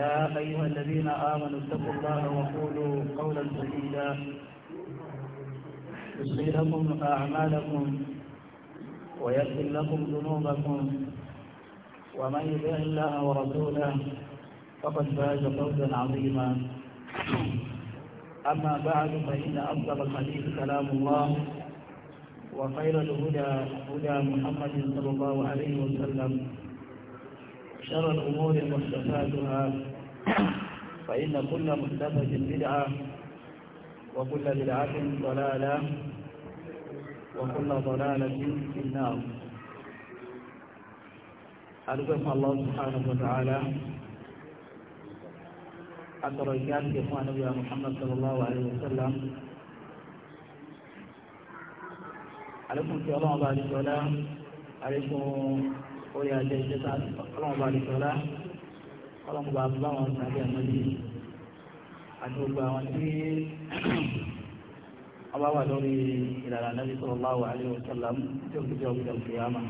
يا أيها الذين آمنوا اتقوا الله وقولوا قولا سديدا يصلي لكم أعمالكم ويغفر لكم ذنوبكم ومن يطع الله ورسوله فقد فاز فوزا عظيما أما بعد فإن أفضل الحديث كلام الله وخير الهدى هدى محمد صلى الله عليه وسلم شر الأمور محدثاتها فإن كل محدثة بدعة وكل بدعة ضلالة وكل ضلالة في النار أرجوكم الله سبحانه وتعالى حتى رجال إخوان نبينا محمد صلى الله عليه وسلم عليكم في الله عليكم orí ajẹ́ iṣẹ́ tá ọlọ́run bá dìtọ̀ rá ọlọ́run bá bá wọn tàbí àmọ́lé àti gbogbo àwọn tí wọ́n bá wà lórí ìlànà nàbí sallallahu alaihi wasallam tí ó fi jẹ́ ọ̀gbìn al-qiyama.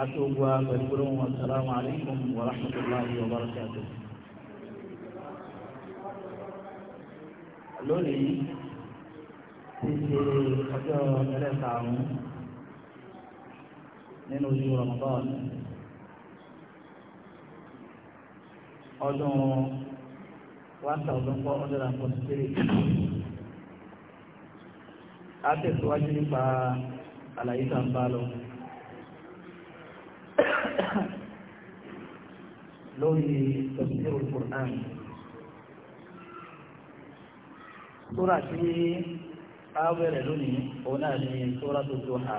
àti gbogbo àgbẹ̀rẹ̀ gbọ́dọ̀ wọn assalamu alaikum wa rahmatullahi wa barakatuh. lónìí ti ṣe ọjọ́ ẹlẹ́ta àrùn nínú oṣù Ramadan ọdún one thousand four hundred and forty three a nípa àlàyé tá a ń bá lọ lórí tafsir al-Qur'an sóra tí a bẹ̀rẹ̀ lónìí òun náà ni sóràtul Duha.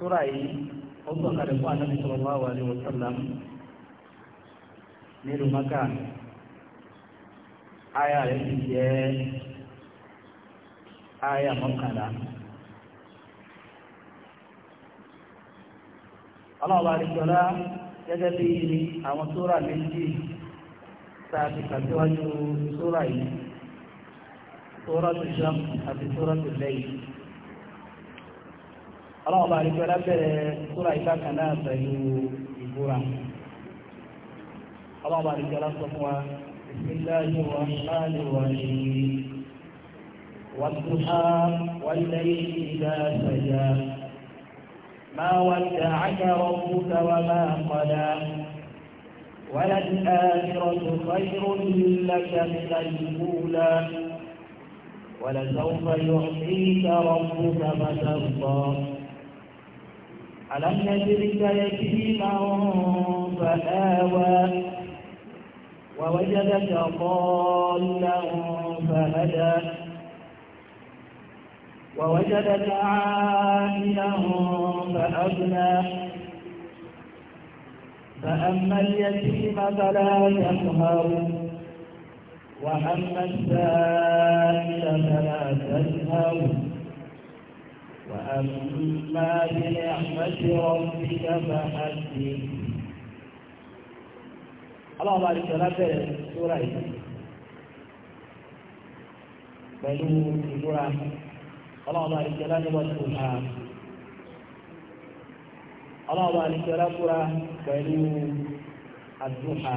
súra yìí ó gbọ́n kalẹ̀ fún anábì sallallahu alaihi wasallam nílùú maka aya rẹ̀ ti jẹ́ aya mọ́kànlá. ọlọ́ọ̀bá àdìsọ́lá gẹ́gẹ́ bí àwọn súra méjì tá a ti kà síwájú súra yìí súra tó ṣe àti súra tó lẹ́yìn. ọlọ́wọ́ bá rí pẹ́lá bẹ̀rẹ̀ súra ìbákan náà pẹ̀lú ìbúra ọlọ́wọ́ bá rí pẹ́lá sọ fún wa bismillahir rahmanir rahim والضحى والليل إذا سجى ما ودعك ربك وما قلى وللآخرة خير لك من الأولى ولسوف يعطيك ربك فترضى ألم يجدك يتيما فآوى ووجدك ضالا فهدى ووجدك عائلا فأغنى فأما اليتيم فلا يقهر وأما السائل فلا تنهر وأما بنعمة ربك فحدث اللهم بارك لنا في سورة pẹ̀lú ìbúra ọlọ́ọ̀bá àdìsẹ́lá níwọ̀n tó ha ọlọ́ọ̀bá àdìsẹ́lá búra pẹ̀lú àdúhà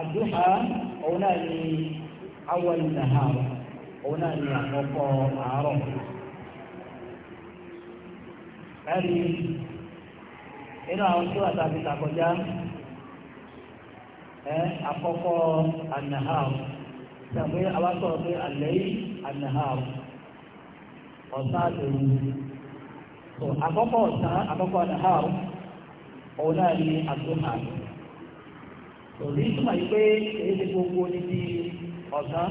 àdúhà òun náà ni awọ́lù nàhàrà ona ni àkọ́kọ́ àárọ̀ ẹ̀rí inú àwọn tí wà tàbí tàkọjá ẹ àkọ́kọ́ ànàhàù tàbí awásọ̀rọ̀ pé àlẹ́yìn ànàhàù ọ̀sán àtẹ̀wò so Akoko ọ̀sán akoko ànàhàù òun ni so ní ìtumọ̀ yìí pé èyí ti gbogbo ní ọ̀sán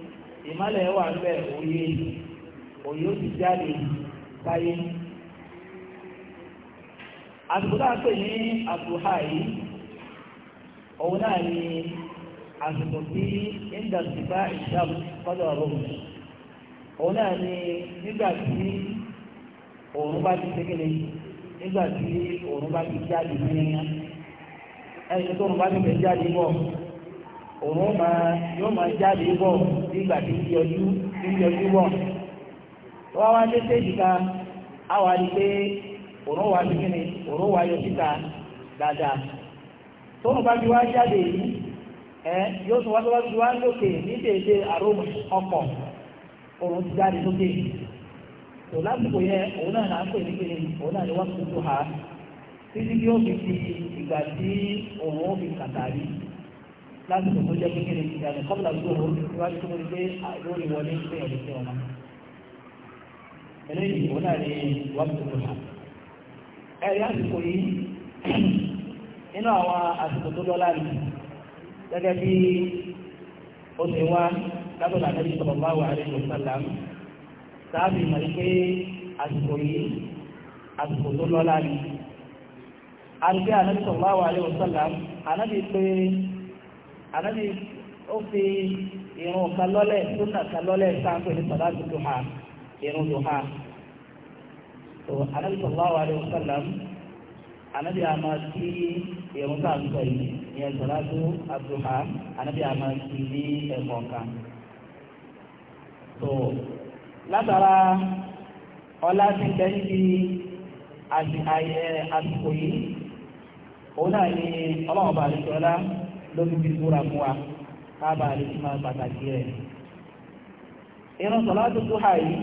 ìmọ̀lẹ̀ wà bẹ̀ òye òye ó ti jáde sáyé àsìkò pè ní àbúhà yìí òun náà ni àsìkò tí industry bá ìṣàbù kọ́dọ̀ ọ̀rọ̀ òun náà ni nígbà tí òun bá ti ṣékele nígbà tí òun bá ti jáde ní ẹni tó ń bá ti fẹ́ jáde bọ̀. òun máa yóò máa jáde bọ̀ nígbà tí ń yọjú tí ń yọjú bọ̀ wọ́n wá dé séjì kan á pé òun kíni òun yọ síta dáadáa tóun bá fi wá jáde yìí ẹ yóò tún wá tó fi wá lókè ní àrómù ti jáde lókè tò lásìkò ha títí fi ìgbà tí òun láti tó jẹ́ pé kíni ìyàní kọ́bùlà gbòòrò níwájú tó rí pé lórí wọlé pé ẹ̀rí sí ọmọ eléyìí òun náà ní wàbùkù tó ṣá ẹ̀rí àsìkò yìí nínú àwọn àsìkò tó lọ́lá ni gẹ́gẹ́ bí ó ti wá lábọ̀lá nẹ́bí sọ̀rọ̀ bá wà rẹ̀ lọ́sàlá sáàbì mọ̀ pé àsìkò yìí àsìkò tó lọ́lá ni àrùkẹ́ ànẹ́bí sọ̀rọ̀ bá wà rẹ̀ lọ́sàlá ànábì ó fi irun kan lọ́lẹ̀ súnà kan lọ́lẹ̀ sáńpé ní sàlátù duha irun duha tó ànábì sallallahu alaihi wasallam ànábì àmà sí irun tá à ń sọ yìí ìyẹn sàlátù duha ànábì àmà sí ní ẹ̀kọ́ kan tó látara ọlá ti ń bẹ níbi àsìkò yìí òun náà ni ọlọ́run bá àlejò ló fi fi búra fún wa káàbà lè fi máa pàtàkì rẹ̀. irun tó tó hà yìí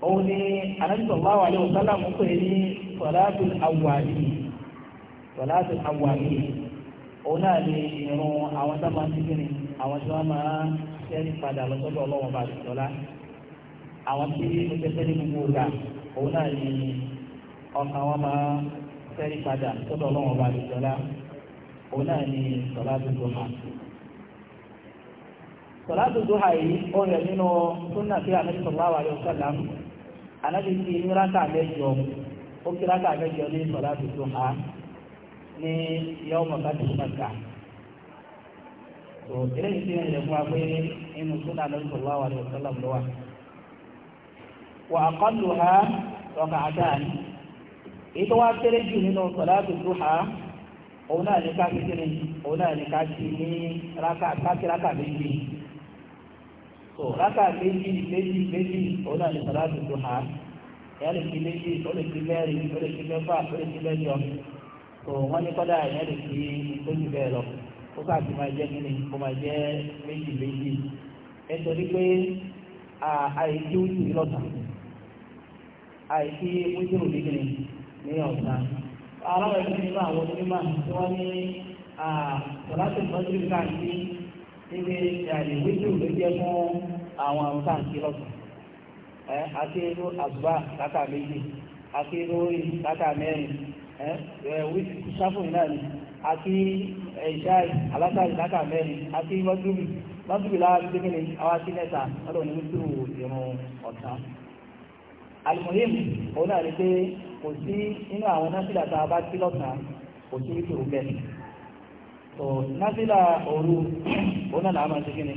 òun ni Ànábì sallallahu alaihi wasallam ń pè ní salatul awwabin salatul awwabin òun náà irun àwọn tó máa ń ti kíni àwọn tó máa ń sẹ́ni padà lọ́sọ́dọ̀ ọlọ́wọ́n bá àdìsọ́lá àwọn tí ó ti sẹ́ni gbogbo òun náà ọkàn wọn máa padà lọ́sọ́dọ̀ ọlọ́wọ́n bá òun náà ni sọ̀látù dúhà. sọ̀látù dúhà yìí ó rẹ̀ nínú súnà tí sallallahu alaihi wasallam ànábì ti nírákà mẹ́jọ ó kírákà mẹ́jọ ní sọ̀látù dúhà salatu yawma fathu Makkah. tó eléyìí ti rẹ̀ fún wa pé inú súnà ànábì sallallahu alaihi alayhi wa sallam wa ha rọ̀kà àdáni salatu òun náà ní káàkiri kí ni òun náà ní káàkiri ní káàkiri rákà méjì so rákà méjì méjì méjì òun náà ní sàlátù duha ìyá lè fi méjì ó lè fi mẹ́rin ó lè fi mẹ́fà ó lè fi mẹ́jọ so wọ́n ní kọ́dà ìyá lè fi ìtọ́jú bẹ́ẹ̀ lọ kó káàkiri máa jẹ́ kíni kó máa jẹ́ méjì méjì nítorí pé àìsí wíjì lọ́sàn àìsí wíjì òdìgbìn ní ọ̀sán ara rẹ̀ ní nínú àwọn onímọ̀ tí wọ́n ní ṣọ̀láṣẹ̀ mọ́tìrì káàkiri níbi ìyàlè wíjì ló jẹ́ fún àwọn àrùn káàkiri lọ́sàn ẹ́ akéèrò àgbà kàkà méjì akéèrò orí kàkà mẹ́rin ẹ́ wíjì sáfù náà ni àti ìṣáì alásàrì kàkà mẹ́rin àti mọ́tìrì mọ́tìrì láwọn ti kékeré àwọn akí mẹ́ta lọ́dọ̀ ní wíjì ìrùn ọ̀tá alimoyim òun náà ni kò sí nínú àwọn náfìlà tá a bá sí lọ́sàn-án kò sí wípé òun bẹ́ẹ̀ tó náfìlà òru òun náà làá máa ṣe kíni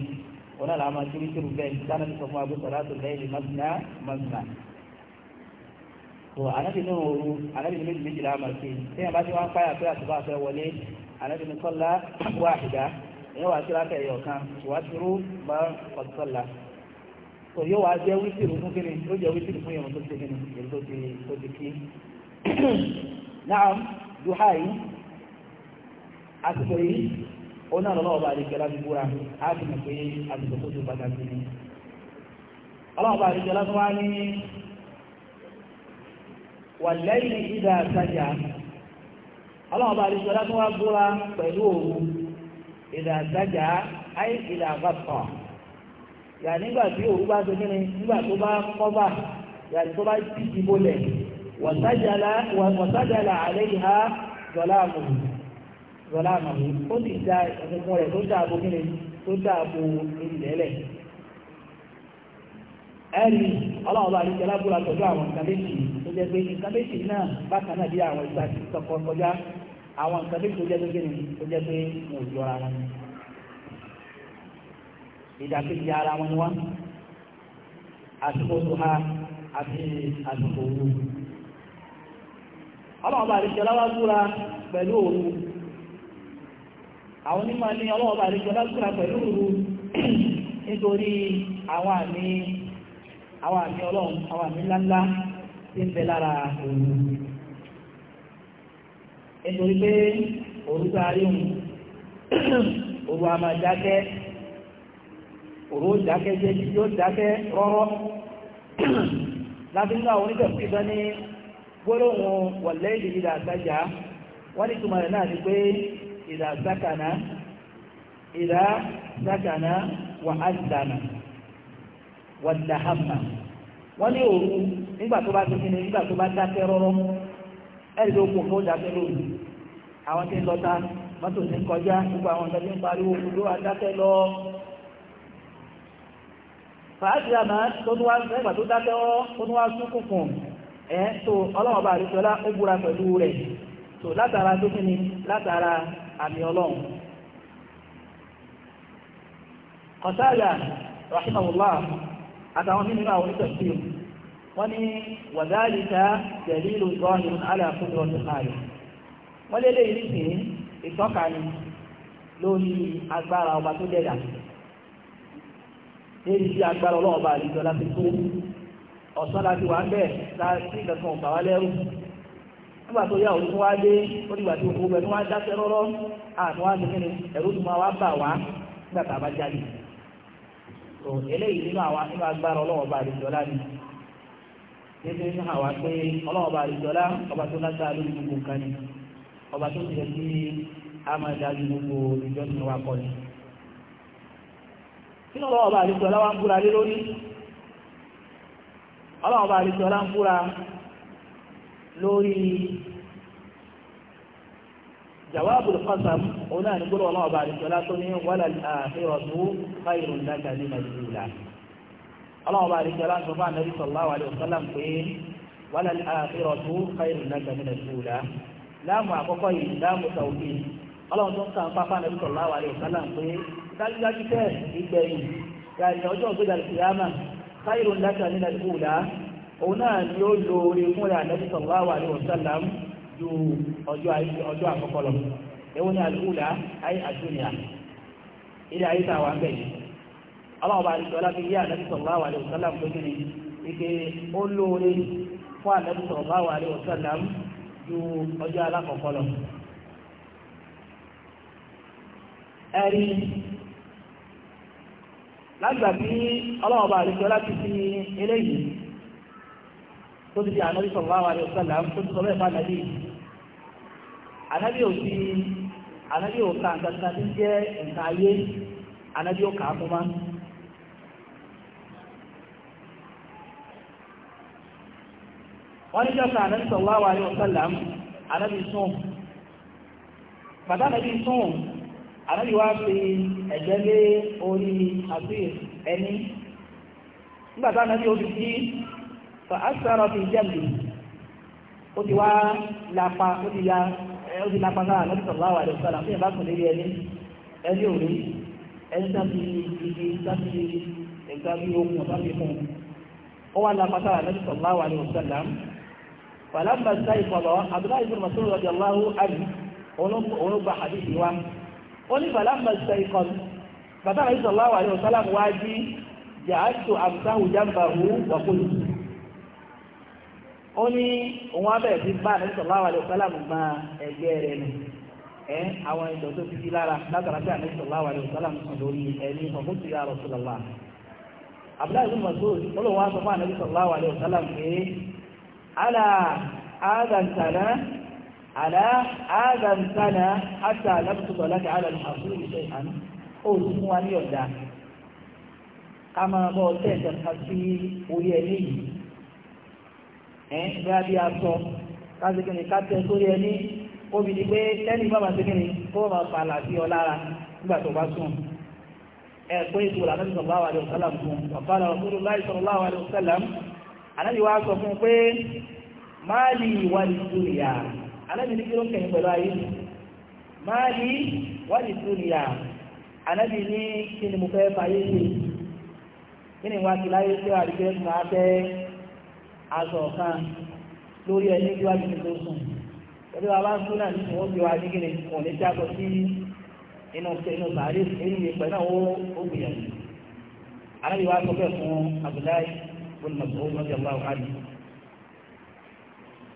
òun náà làá máa ṣe wípé òun bẹ́ẹ̀ dáná ti sọ fún agbésọ̀ láti lẹ́yìn lè máṣínà máṣínà tó ànábì nínú òru ànábì ní méjì méjì làá máa ṣe téèyàn bá ti wá ń páyà pé àtúbà fẹ́ wọlé ànábì ní kọ́lá wá àṣìdá ìyẹn wàá ti rákẹ̀ yọ̀ kan wàá ti rú bá ọ̀tọ́lá tò yóò wá jẹ́ wítìrì fún kíni ó jẹ́ wítìrì fún ìrun tó ti kíni èyí tó ti tó ti kí. náà duha yìí àsìkò yìí ó náà lọ́wọ́ bá rí kẹlá gbígbóra á sì mọ̀ pé àsìkò tó ti pàtàkì ni. ọlọ́wọ́ bá rí tó wá ní wàlẹ́yìn ìdá sájà ọlọ́wọ́ bá rí tó wá gbóra pẹ̀lú òru ìdá sájà áì ìdá gbàtọ̀ yà nígbà tí òru bá ṣe kíni nígbà tó bá kọ́bà yà tó bá ti ìbò lẹ̀ wọ̀sájàlá àlẹ́yìn ha zọláàmù zọláàmù ó sì da ẹ̀fún rẹ̀ tó dáàbò kíni tó dáàbò ìlẹ̀lẹ̀ ẹ̀rí ọlọ́ọ̀bá àríkẹ́ lábúra tọ́jú àwọn nǹkan méjì tó jẹ́ pé nǹkan méjì náà bákan náà bí àwọn ìgbà tí kọ̀kọ́ kọjá àwọn nǹkan tó jẹ́ pé kíni tó jẹ́ pé mo jọra wọn ìdàkejì ara wọn ni wọn àsìkò tó ha àti àsìkò òru ọlọ́wọ́ bá àríkẹ́ láwájúra pẹ̀lú òru àwọn onímọ̀ ní ọlọ́wọ́ bá àríkẹ́ láwájúra pẹ̀lú òru nítorí àwọn àmì àwọn àmì ọlọ́run àwọn àmì ńláńlá tí ń bẹ lára òru nítorí pé òru tó arí òun òru àmàjákẹ́ òró dákẹ́ jẹ́ yóò dákẹ́ rọ́rọ́ láti nínú àwọn oníkẹ̀kù ìtọ́ ní gbólóhùn wọ̀lẹ́ ìdí ìdà àtàjà wọ́n ní túmọ̀ rẹ̀ náà ni pé ìdà zákànà ìdà zákànà wà á dànà wà dàhàmà wọ́n ní òru nígbà tó bá tó kíni nígbà tó bá dákẹ́ rọ́rọ́ ẹ̀rí tó kù tó dákẹ́ lóru àwọn tí ń lọ́ta mọ́tò ti kọjá gbogbo àwọn ìtọ́jú ń pariwo gbogbo adákẹ́ fàájì àmà tó ní wá ẹgbà tó dákẹ́wọ́ ó ní wá súnkùnkùn ẹ́ tó ọlọ́wọ̀bá àríṣọ́lá ó búra pẹ̀lú rẹ̀ tó látara tó kí ni látara àmì ọlọ́run kọ̀sáàlà rahimahullah àtàwọn nínú níbi tí agbára ọlọ́ọ̀bá àlejò láti tó ọ̀sán láti wà ń bẹ̀ láti ìgbẹ̀kan ọ̀bà wá lẹ́rù nígbà tó yá òun tó wá dé ó dìgbà tí òun bẹ̀rù wá dáṣẹ́ rọ́rọ́ àtúnwá ní kíni ẹ̀rú tó máa wá bà wá nígbà tá a bá jáde tó eléyìí nínú àwọn nínú agbára ọlọ́ọ̀bá àlejò láti nítorí ní àwa pé ọlọ́ọ̀bá àlejò lá ọba tó lágbára lórí gbogbo nǹkan ni ọba tó ti rẹ̀ sí àmàdájú gbogbo ìjọ́sìn kí ló lọ́wọ́ bá àlejò ọlá wa ń búra lé lórí ọlọ́wọ́ bá àlejò ọlá ń búra lórí جواب القسم هنا نقول الله بعد ثلاثة ولا الآخرة خير لك من الأولى الله بعد ثلاثة مع النبي صلى الله عليه وسلم قيل ولا الآخرة خير لك من الأولى لا معقوقين لا متوكين الله تنقى النبي صلى الله عليه وسلم قيل dájúdájú tẹ́ ìgbẹ̀yìn yàrá ọjọ́ ògbéjà kìyàmà káyìrò ńláta nínú ìkúùlá òun náà ni ó lo orí fúnra ànábì sallallahu alaihi wasallam ju ọjọ́ àkọ́kọ́ lọ ewu ni àlùkúùlá ayé àdúnyà ilé ayé tàwa ń bẹ̀yìn ọlọ́ọ̀bá àdìsọ́ láti yé ànábì sallallahu alaihi wasallam tó kíni ike ó lóore fún ànábì sallallahu alaihi wasallam ju ọjọ́ alákọ̀ọ́kọ́ lọ. lágbà tí ọlọ́wọ́ bá àlejò láti fi eléyìí tó ti di ànábì sallallahu alaihi wasallam tó ti sọ bẹ́ẹ̀ fún ànábì ànábì ò ti ànábì ò ka nǹkan kan tí jẹ́ nǹkan ayé ànábì ò kà á fún ma. wọ́n ní jọ́ka ànábì sallallahu alaihi wasallam ànábì ànábì ànábì wá fi ẹ̀gbẹ́ lé orí àti ẹni nígbà tí ànábì ó fi sí fa fi jẹ́mì ó ti wá lápa ó ti ya ó ti lápa náà ànábì sallallahu alaihi wasallam fún ìbá kùn lérí ẹni ẹni òní ẹni sáfi igi sáfi ìgbàgbé okùn sáfi fún ó wá lápa sára ànábì ó ní bàlá mọ̀sẹ̀ ikọ̀ bàbá àrẹ sọ̀lá wà ní ọ̀sálàmù wá jí jàásù àbùsáhù jábàhù wàkúlù ó ní òun abẹ́rẹ́ sí bá àrẹ sọ̀lá wà ní ọ̀sálàmù gba ẹgbẹ́ rẹ̀ nù ẹ àwọn ìjọ tó fi lára látara pé àrẹ sọ̀lá wà ní ọ̀sálàmù sàn lórí ẹni ọ̀kútù yà rọ̀ sọ̀lá abdullahi bin masoud olùwà sọ fún àrẹ sọ̀lá wà ní ọ̀sálàmù pé ala adàntàná على هذا سنة حتى لم تطلق على الحصول شيئا قلت وأن يرجع كما قلت الحصيل ويلي bẹ́ẹ̀ bí a sọ kásìkìrì kátẹ́ sórí ẹni obìnrin pé tẹ́lì bá máa síkìrì kó o máa fàlà sí ọ lára nígbà tó bá sùn ẹ pé ètò ìlànà ìsọ̀rọ̀ láwà àdéhùn sálàm fún ọ̀pá lọ sórí láìsọ̀rọ̀ láwà àdéhùn sálàm ànáyíwá sọ fún pé máàlì ìwà ìsúrìyà anábì ní kí ló kẹ̀yìn pẹ̀lú ayé máa yí wáyé tó nìyà anábì ní kí ni mo fẹ́ fàyè sí kí ni wá sí láyé tí wà rí pé máa fẹ́ aṣọ kan lórí ẹni tí wá tó sùn pẹ̀lú wa bá ń sún náà nínú wọn fi wá ní kí ni kò ní tí a kọ sí inú inú sàárè inú ìpẹ́ náà ó gbìyànjú anábì wá sọ bẹ́ẹ̀ fún Abdullahi bin Mas'ud radiyallahu anhu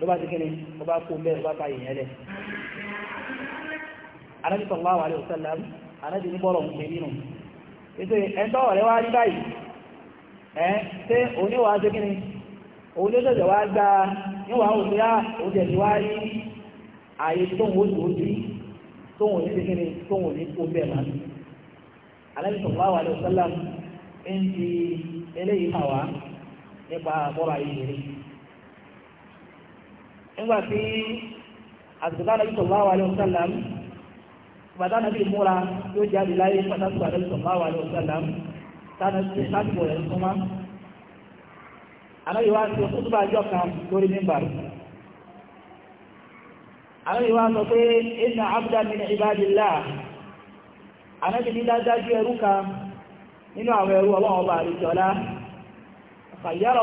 ló bá ti kí ni ó bá kó bẹ́ẹ̀ ó bá pa èèyàn lẹ̀ anábì sallallahu alaihi wasallam anábì ní bọ́rọ̀ ń pè nínú ètò ẹ̀ńtọ́ ọ̀rẹ́ wá rí báyìí ẹ̀ ṣé oníwàá ṣe kí ni òun ló ṣẹ̀ṣẹ̀ wá gba níwàá òṣè á òṣè ti wá rí nígbà tí àtùkà nàbí sallallahu alaihi wasallam bàtà nàbí múra yóò jáde láyé pàtàkì bàtà nàbí sallallahu alaihi wasallam sásìkò rẹ̀ súnmọ́ ànábì wá sí ọkùnrin àjọ kan lórí mímbà ànábì wá sọ pé inna abdan min ibadillah ànábì ní dájájú ẹrú kan nínú àwọn ẹrú ọlọ́wọ́ bá àríjọ́lá fàyàrá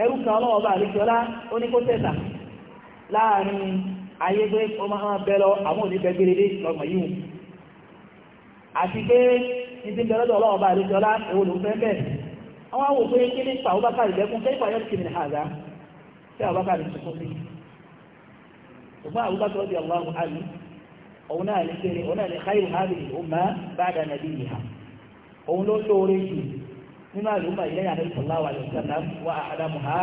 ẹrú kan ọlọ́wọ́ bá àríkíọ́lá ó ní kó tẹ́sà láàrin ayé pé ó máa bẹ lọ àwọn òní bẹ gbére dé lọ́gbọ̀n yìí àti pé ní ti bẹ̀rẹ̀ ọlọ́wọ́ bá àríkíọ́lá èwo ló fẹ́ bẹ̀ àwọn àwò pé kí ní pa ọba káàdì lẹ́kún kí ní pa yọ́ kìnnì nínú àlùmọ̀ ilẹ̀ yàrá ìsọ̀lá wà lè sọ̀lá wà àdámù ha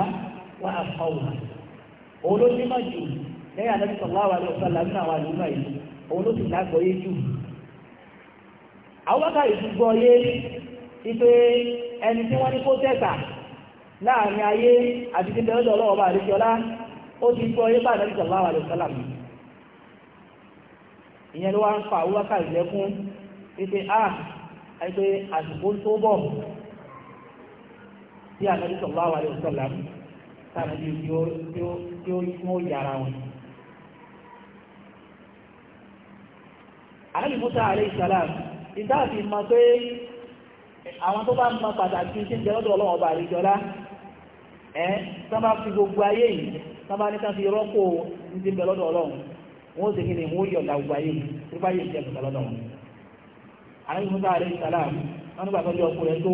jù lè nínú àwọn àlùmọ̀ yìí yé jù. àwọn gbọ́ yé ẹni tí wọ́n ní kó láàrin ayé àti ti bẹ̀rẹ̀ lọ́wọ́ ọba ó ti gbọ́ yé lè mi ìyẹn ló wá ń fa àwọn tí ànábì sallallahu alaihi wasallam tàbí tí ó mú yàrá wọn. ànábì Musa alaihi salam ìdáàbì mọ̀ pé àwọn tó bá mọ pàtàkì tí ń jẹ lọ́dọ̀ ọlọ́wọ́ bá àríjọlá ẹ́ tán bá fi gbogbo ayé yìí tán bá ní ká fi rọ́pò ní ti bẹ lọ́dọ̀ ọlọ́run wọ́n sì kíni wọ́n yọ̀dà gbogbo ayé yìí tó bá yẹ ìjẹ́ lọ́dọ̀ wọn. ànábì Musa alaihi salam wọn nígbà tó yọ ọkùnrin tó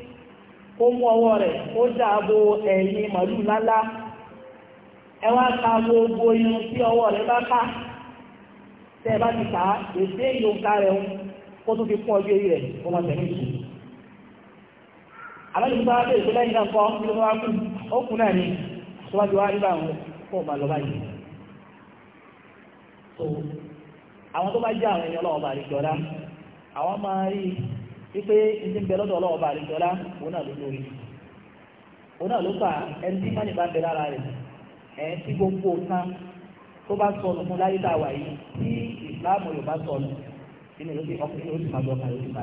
ó mú ọwọ́ rẹ̀ ó dáàbò ẹ̀yìn lálá ẹwà gbogbo irun tí ọwọ́ rẹ̀ bá ká tẹ́ bá ti èdè yóò ká rẹ̀ ń kó fi kún ọjọ́ rẹ̀ kó máa tẹ̀lé ìṣù àbájú bá bẹ̀rẹ̀ tó lẹ́yìn ó náà ni tó ti wá kó o lọ báyìí wípé ní bẹ lọ́dọ̀ ọlọ́wọ́ bá òun náà ló lórí òun náà ló fà ẹni tí bá rẹ̀ ẹni tí gbogbo nǹkan tó bá sọnù a wà yìí tí ìsìláàmù yóò bá sọnù inú ló ti ọkùnrin ti máa gbọ́ kàlẹ́ ìgbà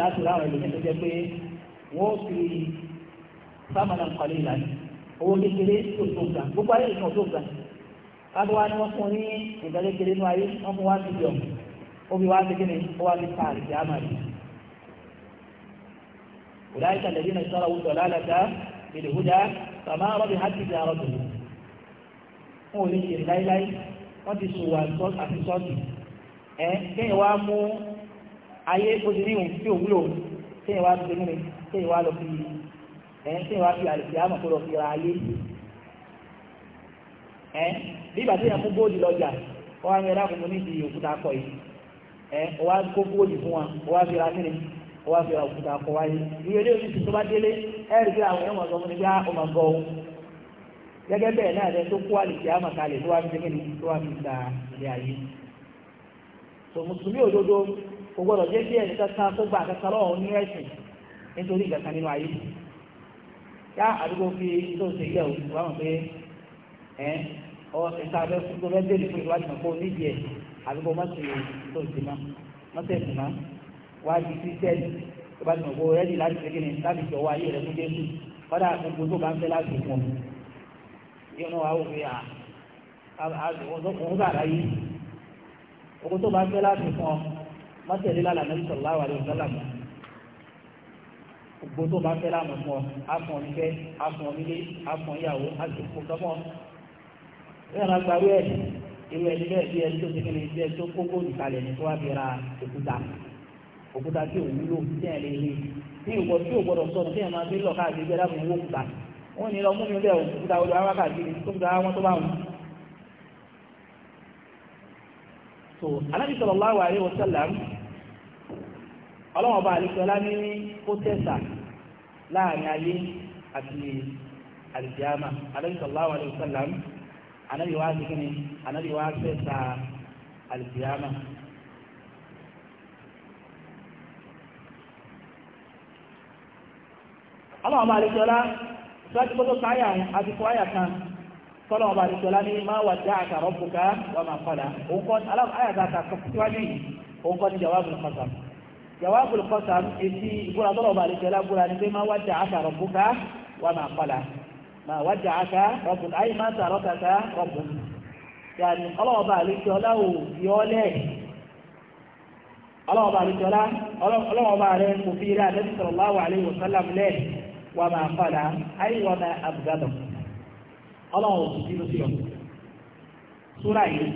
láti ra àwọn tó jẹ́ pé wọ́n fi kọ́lé ìlànà owó kékeré tó tó gbogbo ayé ni omi wá sí kíni ó wá sí sáàlì sí àmàlì ọ̀dáyé kàlẹ́bí náà sọ́ra wùdọ̀ ọ̀làlàdá bèdè húdá bàmá rọ́bì hàtì ti àrọ́ tòun wọn ò lè ṣe láíláí wọ́n ti sòwò àti sọ́ọ̀tì ẹ kéèyàn wá mú ayé ojúrí òun tí òwúlò kéèyàn wá ti mímu kéèyàn wá lọ fi ẹ kéèyàn wá fi àlùfíà àmọ̀ kó lọ fi ra ayé ẹ bí ìbàdí yẹn mú góòlù lọ́jà wọ́n á yẹn láàbùkún níbi òkúta akọ yìí ẹ wá kó kúrò yìí fún wa wá fi ra kíni wá fi ra òkúta kọ wáyé ìwé ilé oṣù tó bá délé ẹ rí pé àwọn ọmọ ọmọ nígbà ó máa gbọ́ ohun gẹ́gẹ́ bẹ́ẹ̀ náà rẹ tó kó àlèkè àmàkalẹ̀ tó wá fi kíni tó wá fi gba ilé ayé tó mùsùlùmí òdodo kò gbọdọ̀ jẹ́ bí ẹni kankan kó gba kankan lọ́wọ́ ní ẹ̀sìn nítorí ìgbà kan nínú ayé yá àdúgbò fi tó ṣe yẹ òkú wá mọ̀ ẹ ọ ìta abẹ́ fún tó fẹ́ bẹ̀rẹ̀ fún ìwádìí àdúgbò mọ́sí tó ti mọ́ mọ́sẹ̀ tì mọ́ wá di kírísítẹ́lì tó bá ti mọ̀ kó rẹ́dì láti ṣe kíni láti jọ wáyé rẹ̀ fún jésù kọ́dà gbogbo tó bá ń fẹ́ láti fún un yóò náà wá wò pé ah, òun bàrà yìí ogun tó bá ń fẹ́ láti fún ọ mọ́sẹ̀ lílá lànà ìṣọ̀lá wà lóun sọ́là mọ́ gbogbo tó bá fẹ́ láàmú fún ọ afọ nífẹ̀ afọ nílé afọ ìyàwó àti ìfowópamọ́ ìyàrá gbàrú ẹ̀ irú ẹni bẹ́ẹ̀ bí ẹni tó ṣe kéde bí ẹni tó kókó ìkàlẹ̀ ní tó wá fi ra òkúta òkúta tí òun lò tí ẹ̀ lè rí ní ìwọ tí ò gbọdọ̀ sọnù tí ẹ̀ máa fi lọ káàkiri bí ẹ̀dáàbò owó òkúta wọ́n ní lọ mú mi bẹ́ẹ̀ òkúta olú ara káàkiri tó ń gba wọn tó bá wọn. so alábi sallallahu alaihi wasallam ọlọ́wọ́n bá àlejòlá ní kó tẹ̀sà láàrin ayé àti àlìjáàmà alábi sallallahu alaihi wasallam anabi wa ti kini anabi wa fẹ́ sa alikiyama. ọlọ́wọ́n bá alẹ́jọ́lá síwájú kó tó ká àyà àtìkú àyà kan tọ́lọ́wọ́n bá alẹ́jọ́lá ní máa wà já àkàrọ̀ bùkà wà máa padà òǹkọ́ àyà tá a kà síwájú yìí òǹkọ́ ní jawabul qasam jawabul qasam etí ìbúra tọ́lọ́wọ́n bá alẹ́jọ́lá búra ní pé máa wà já àkàrọ̀ bùkà wà máa padà Ma wájà aka rọ̀bùn ayé máa ń sàrọ̀ kàkà rọ̀bùn yàtì ọlọ́ọ̀bà àlejòọlá ò fi ọ́ lẹ̀ ọlọ́ọ̀bà ọlọ́ọ̀bà rẹ kò fi rẹ àdẹ́sí sọ̀rọ̀ láwà àlejò sálàm lẹ̀ wà máa padà ayé wà máa àbùdàdọ̀ ọlọ́ọ̀bà súrà yìí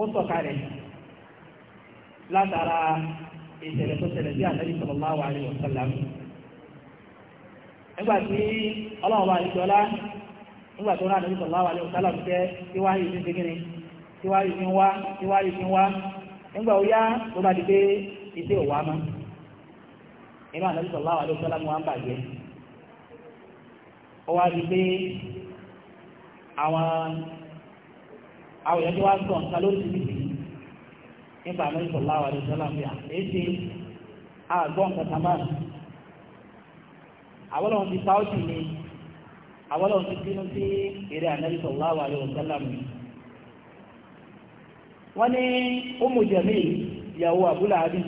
ó látara ìṣẹ̀lẹ̀ tó ṣẹlẹ̀ sí àdẹ́sí sọ̀rọ̀ láwà àlejò sálàm lẹ̀. nígbàtí ọlọ́run bá ìjọlá nígbàtí ó rádìí sọ̀lá wà ní òsálà ń jẹ́ tíwáyì ní ṣegíní tíwáyì ní wá tíwáyì ní wá nígbà ó yá tó bá di pé iṣẹ́ òwá mọ́ inú àdájú sọ̀lá wà ní òsálà mú wá ń bàjẹ́ ó wá di pé àwọn àwòyẹ́ tó wá sọ̀ nǹkan lórí ti nìyí nípa àdájú sọ̀lá wà ní òsálà mú yà èyí ti àgbọ̀ nǹkan àwọn ọ̀hún ti sáwọ́tì ni àwọn ọ̀hún ti bínú sí eré ànábì sallallahu alaihi wasallam mi. wọ́n ní Ummu Jamil ìyàwó Abu Lahabi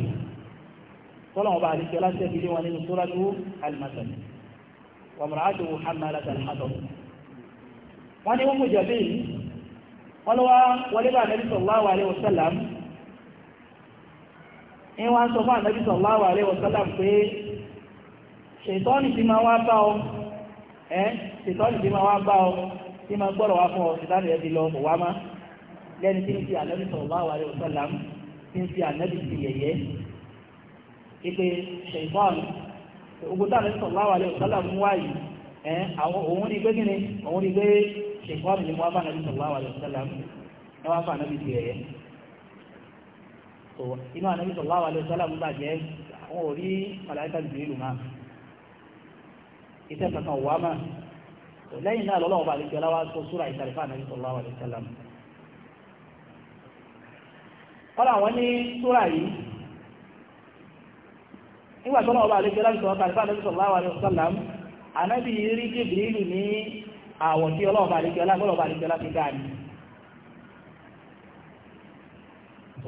tọ́lọ̀ ọba àti ìṣẹ́lá ṣẹ́ ìdílé wọn nínú suratu al-Masad wa imra'atuhu hammalat al-hatab. wọ́n ní Ummu Jamil wọ́n lọ́wọ́ wọlé bá ṣètọ́nì tí máa wá bá ọ ẹ́ ṣètọ́nì tí máa wá bá ọ tí máa gbọ́rọ̀ wá fún ọ ṣètọ́nì ẹ̀ ti lọ kò wá má lẹ́ni tí ń fi ànábì sallallahu alaihi wasallam tí ń fi ànábì ti yẹ̀yẹ́ ipe ṣètọ́nì ogun tí ànábì sallallahu alaihi wasallam mú wáyé ẹ́ àwọn òun ní pé kíni òun ní pé ṣètọ́nì ni mo wá bá ànábì sallallahu alaihi wasallam ẹ wá fún ànábì ti yẹ̀yẹ́ inú ànábì sallallahu alaihi wasallam bàjẹ́ àwọn ò rí màláíkà jùlọ máa iṣẹ́ kankan wà mà lẹ́yìn náà lọ́lọ́wọ́ bá àlejò aláwa sọ súra ìtàrífà nàbí sallallahu alaihi wasallam kọ́lá àwọn ní súra yìí nígbà tó lọ́wọ́ bá àlejò aláwa sọ ìtàrífà nàbí sallallahu alaihi wasallam ànábì rí Jibrilu ní àwọ̀ tí ọlọ́wọ́ bá àlejò aláwa gbọ́dọ̀ bá aláwa fi dáa ni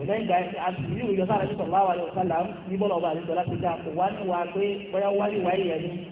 lẹ́yìn gba àtìlú ìjọba àlejò sallallahu alaihi wasallam ní bọ́lọ̀ bá àlejò aláwa fi dáa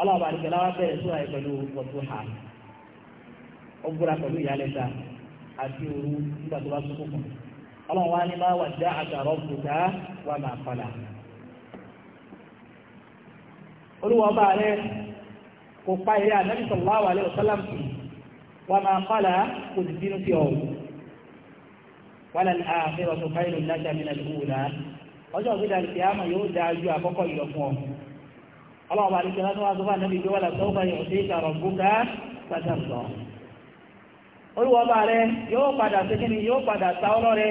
ọlọ́ọ̀bà àdìgbẹ́lá wa bẹ̀rẹ̀ sóra ẹ̀ pẹ̀lú ọ̀túnhà ó búra pẹ̀lú ìyálẹ́ta àti òru nígbà tó bá sókò kan ọlọ́run wa ní máa wà dá àgàrọ̀ bùdá wà máa padà olúwa ọba rẹ kò pa ìrẹ́ ànábì sallallahu alaihi wasallam sí wà máa padà kò sì bínú sí ọ̀hún wà lálẹ́ àfẹ́ ọ̀tún káyọ̀ lájà mi nàlẹ́ òwúlà ọjọ́ ògbéjà lè ọlọ́wọ́ bá ní kí lásán wá sọ fún ànábì pé wọ́n lè sọ fún ìrọ̀sí ìkàrọ̀ búkà pàtà sọ. olùwọ́ bá rẹ yóò padà sí kíni yóò padà ta ọlọ́rẹ́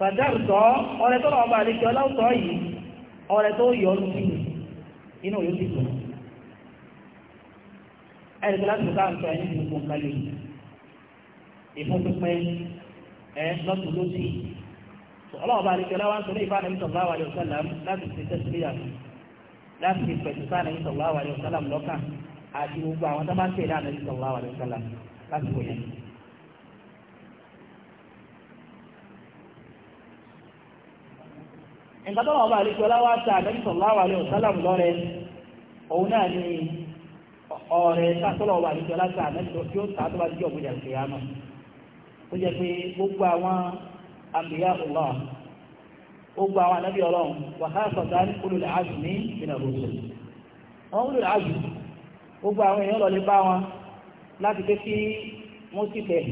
pàtà sọ ọrẹ tó lọ́wọ́ bá ní kí ọlọ́sọ yìí ọrẹ tó yọ ọdún sí inú yóò ti sọ. ẹnì kí lásán ká ń sọ ẹni tó kún kálí ìfúnpínpín ẹ lọ́tún lọ́sí ọlọ́wọ́ bá ní kí láti fi pẹ̀tù sáàlẹ̀ ní sallallahu alaihi wasallam àti gbogbo àwọn tó bá ń tẹ̀lé àlẹ́ ní sallallahu alaihi wasallam láti wòye. nǹkan tó wọn ta àlẹ́ ní sallallahu alaihi wasallam lọ́rẹ̀ òun náà ni ọ̀rẹ́ sátọ́lọ̀ wà àlejò tó bá jẹ́ gbogbo àwọn ànábì ọlọ́run wàhálàfàtà ní ulul azmi min wọn ulul gbogbo àwọn èèyàn lọ bá wọn láti pé kí wọ́n sì tẹ̀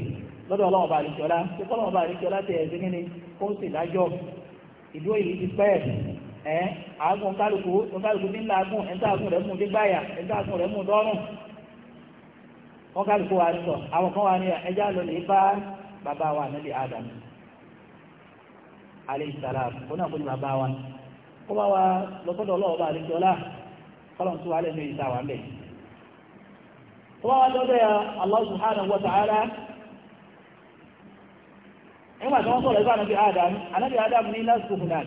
lọ́dọ̀ bá tí kọ́lọ́run bá àríkíọ́lá kó ń sì ìdúró yìí ti pẹ́ ẹ̀ àágùn kálukú kálukú ní làágùn ẹ̀ńtà àgùn rẹ̀ mú un àgùn mú un wọn kálukú alayhi salam òun náà kó ní bàbá wa kó bá wa lọ́sọ́dọ̀ ọlọ́ọ̀bá àlejòọlá kọ́lọ̀n tó wà lẹ́nu ìta wà mẹ́ Allah subhanahu wa ta'ala nígbà tí wọ́n sọ̀rọ̀ ibà nàbí Adam Adam ní lásìkò náà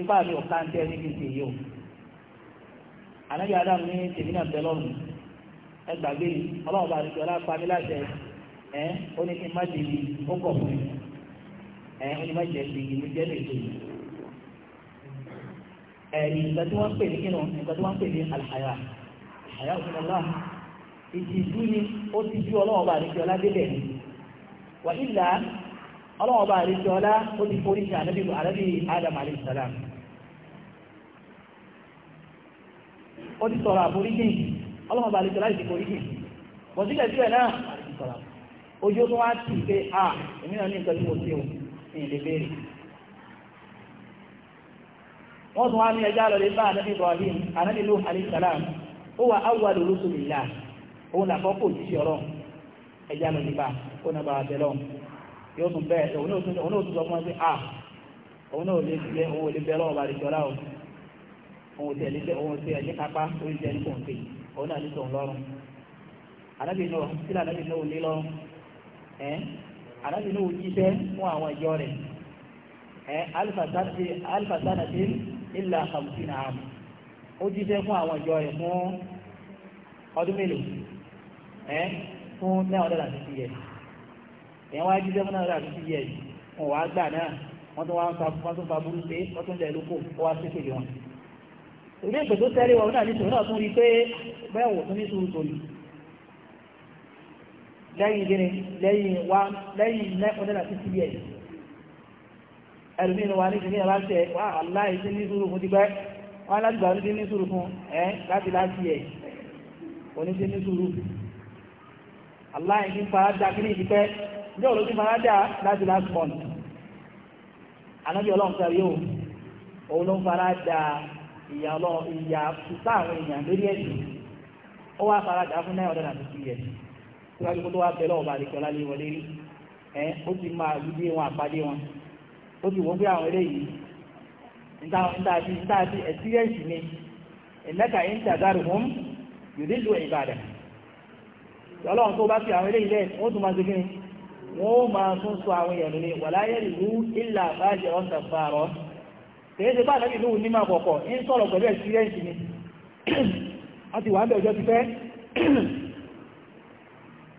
ibà mi ò ká ń tẹ́ ní kí n ṣe Adam ní tèmi náà bẹ lọ́rùn ẹgbàgbé ọlọ́ọ̀bá àlejòọlá pa mí láṣẹ ẹ́ ó ní kí ó pọ̀ fún mi ẹ̀ ẹni má jẹ́ ìlú jẹ́ lè tó yìí ẹ̀rí nǹkan tí wọ́n pè ní kínú nǹkan tí wọ́n pè ní àlàyà àyà òfin ọlá ìtìjú ni ó ti ju ọlọ́wọ́n bá àríkí ọlá débẹ̀ ni wà ìlà ọlọ́wọ́n bá àríkí ọlá ó ti forí ṣe ànábì Adam alayhi salam ó ti sọ̀rọ̀ àforíjì ọlọ́wọ́n bá àríkí ọlá ti forí jì bọ̀ sílẹ̀ sílẹ̀ náà ojú ó tún wá o ní ilé béèrè wọ́n tún wá ní ẹjá lọ lè bá anábì Ibrahim anábì Nuh alayhi salam ó wà awwal rusulillah òun làkọ́ kò jí sí ọ̀rọ̀ ẹjá lọ lè bá ó nà bá abẹ lọ yóò tún bẹ́ẹ̀ òun náà tún sọ fún wọn sí à òun náà lè tilẹ̀ òun ò lè bẹ́ẹ̀ lọ́wọ́ bá lè jọlá o òun ò tẹ̀lé òun ò tẹ̀lé kápá orí tẹ̀lé kò ń pè òun náà ànábì ní òjíṣẹ́ fún àwọn ìjọ rẹ̀ ẹ alifasanafi ilà kàmùsínà àmì ó jíṣẹ́ fún àwọn ìjọ rẹ̀ fún ọdún mélòó ẹ fún náà dọ́là fífi yẹ ìyẹn wá jíṣẹ́ fún náà dọ́là fífi yẹ wọn wàá gbà náà wọ́n tún wá ń fa wọ́n tún fa burú pé wọ́n tún lẹ̀ lóko ó wá sí pèlè wọn. ìwé ìpè tẹ́lẹ̀ wọn náà ní sòwò náà tún rí pé bẹ́ẹ̀ wò tún ní sùúrù tòlù lẹ́yìn gíní lẹ́yìn wa lẹ́yìn nẹ́kùnlẹ́nà sí ti bíẹ̀ ẹlùmínú wa ní kìí ẹ̀bá tẹ́ wá aláì ní sùúrù fún ti pẹ́ wọ́n láti gbà ní ní fún ẹ́ láti láti ẹ̀ òní tí ní sùúrù aláì fara farada kí ní ti pẹ́ ní òlójú láti anábì ọlọ́run òun ló ń ọlọ́run àwọn èèyàn lórí ẹ̀sìn ó wá fún síwájú tó wá bẹ̀rẹ̀ ọba àdìkẹ́ ọlá wọlé rí ẹ ó ti máa gbígbé wọn àpàdé wọn ó ti pé experience mi yìí ń fún ìbàdàn tó bá fi àwọn eléyìí lẹ̀ wọ́n tún máa gbégbé wọ́n ó máa tún sọ àwọn èèyàn lónìí wà ìlú ìlà bá ìlú nímọ̀ ń sọ̀rọ̀ pẹ̀lú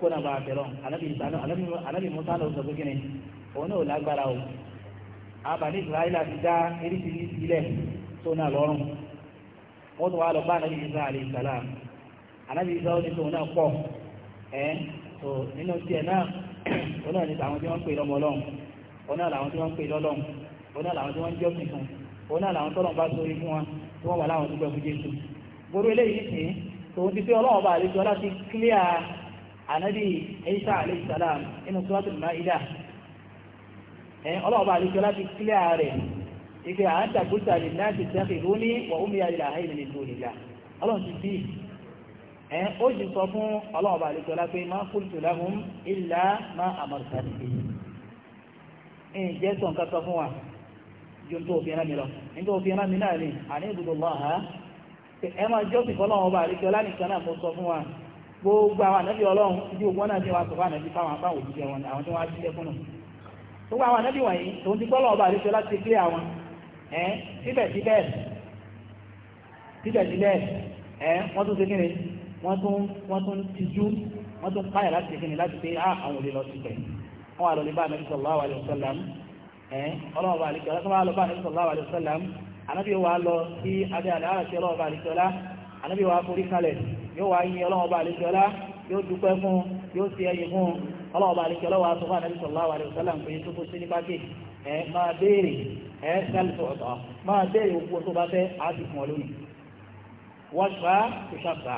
kó náà bá a tẹ̀lọ́ alábì musa lọ sọ pé kí ni òun náà lágbára o abàní israẹla ti dá eréṣiríṣi sílẹ̀ tó náà lọ́rùn wọ́n tún wá lọ bá alábì isa alayhi salam alábì isa ó ní tóun náà pọ̀ ẹ́ tó nínú tiẹ̀ náà òun náà ní àwọn tí wọ́n ń pè lọ́mọ ọlọ́run òun náà làwọn tí wọ́n ń pè lọ́lọ́run òun náà làwọn tí wọ́n ń jọ́ fìfún òun náà làwọn tọ́lọ̀ bá sórí fún wa tí wọ́n wà láwọn tó gbẹ fún Jésù gbogbo eléyìí nìsín tòun ti pé ọlọ́run bá àlejò ọlá ti clear ànábì Isa alayhi salam inú suratul na ẹ̀yìn ọlọ́ọ̀bá àlejò láti kílẹ̀ rẹ̀ ìpè anta qulta linnasi ittakhiduni wa ummiya ilahayni min dunillah ọlọ́run ti ọlọ́ọ̀bá àlejò láti ma gbogbo àwọn ànábì ọlọ́run tí ògbọ́n náà ti wá sọ̀rọ̀ ànábì fáwọn afáwọn òjíṣẹ́ wọn àwọn tó wá jíṣẹ́ fún náà gbogbo àwọn ànábì wọ̀nyí tó ń ti gbọ́ lọ́ọ̀bà àdéṣọ láti gbé àwọn ẹ̀ síbẹ̀síbẹ̀ síbẹ̀síbẹ̀ ẹ̀ wọ́n tún ṣe kí ni wọ́n tún wọ́n tún tijú wọ́n tún páyà láti ṣe kí ni láti pé á ah, àwọn olè lọ sí pẹ̀ wọ́n wà lọ lè bá ànábì sallallahu alaihi wasallam ẹ̀ ọlọ́ọ̀bà àdéṣọ lọ́sọ̀lá ànábì wa lọ sí abẹ́ àlẹ́ àràṣẹ́ ọlọ́ọ̀bà àdéṣọlá ànábì wa forí kalẹ̀ yóò wá yin ọlọ́wọ́ bá àlejò ọlá yóò dúpẹ́ fún yóò ṣe ẹyẹ fún ọlọ́wọ́ bá àlejò ọlọ́wọ́ àtúfà ànábì sallallahu alaihi wasallam pé tó kó sí ní pákè ẹ máa béèrè ẹ sálùsọ ọ̀tọ̀ máa béèrè òkú tó bá fẹ́ á ti fún ọ lónìí wọ́n ṣá tó ṣàṣà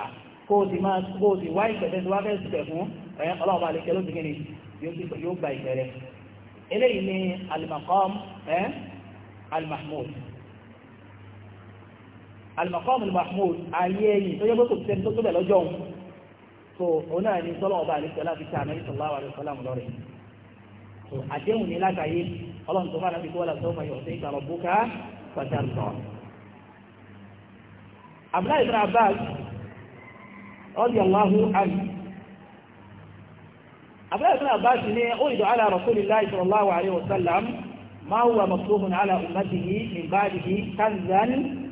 al-maqam al-mahmud ayé ẹ̀yìn tó yẹ pé kò sí ẹni tó tó bẹ̀ lọ́jọ́ òun so òun náà ni sọ́lọ́ ọba àlejò láti ṣe àmì sallallahu alaihi wasallam lọ́rẹ̀ so àdéhùn ní lágbàáyé ọlọ́run tó bá láti kó wọ́lá tó fàyọ̀ sí ìgbà rabbuka fatarda abdullahi ibn abbas radiyallahu anhu abdullahi ibn abbas ní uridu ala rasulillahi sallallahu alaihi wasallam ma huwa maktubun ala ummatihi min ba'dihi kanzan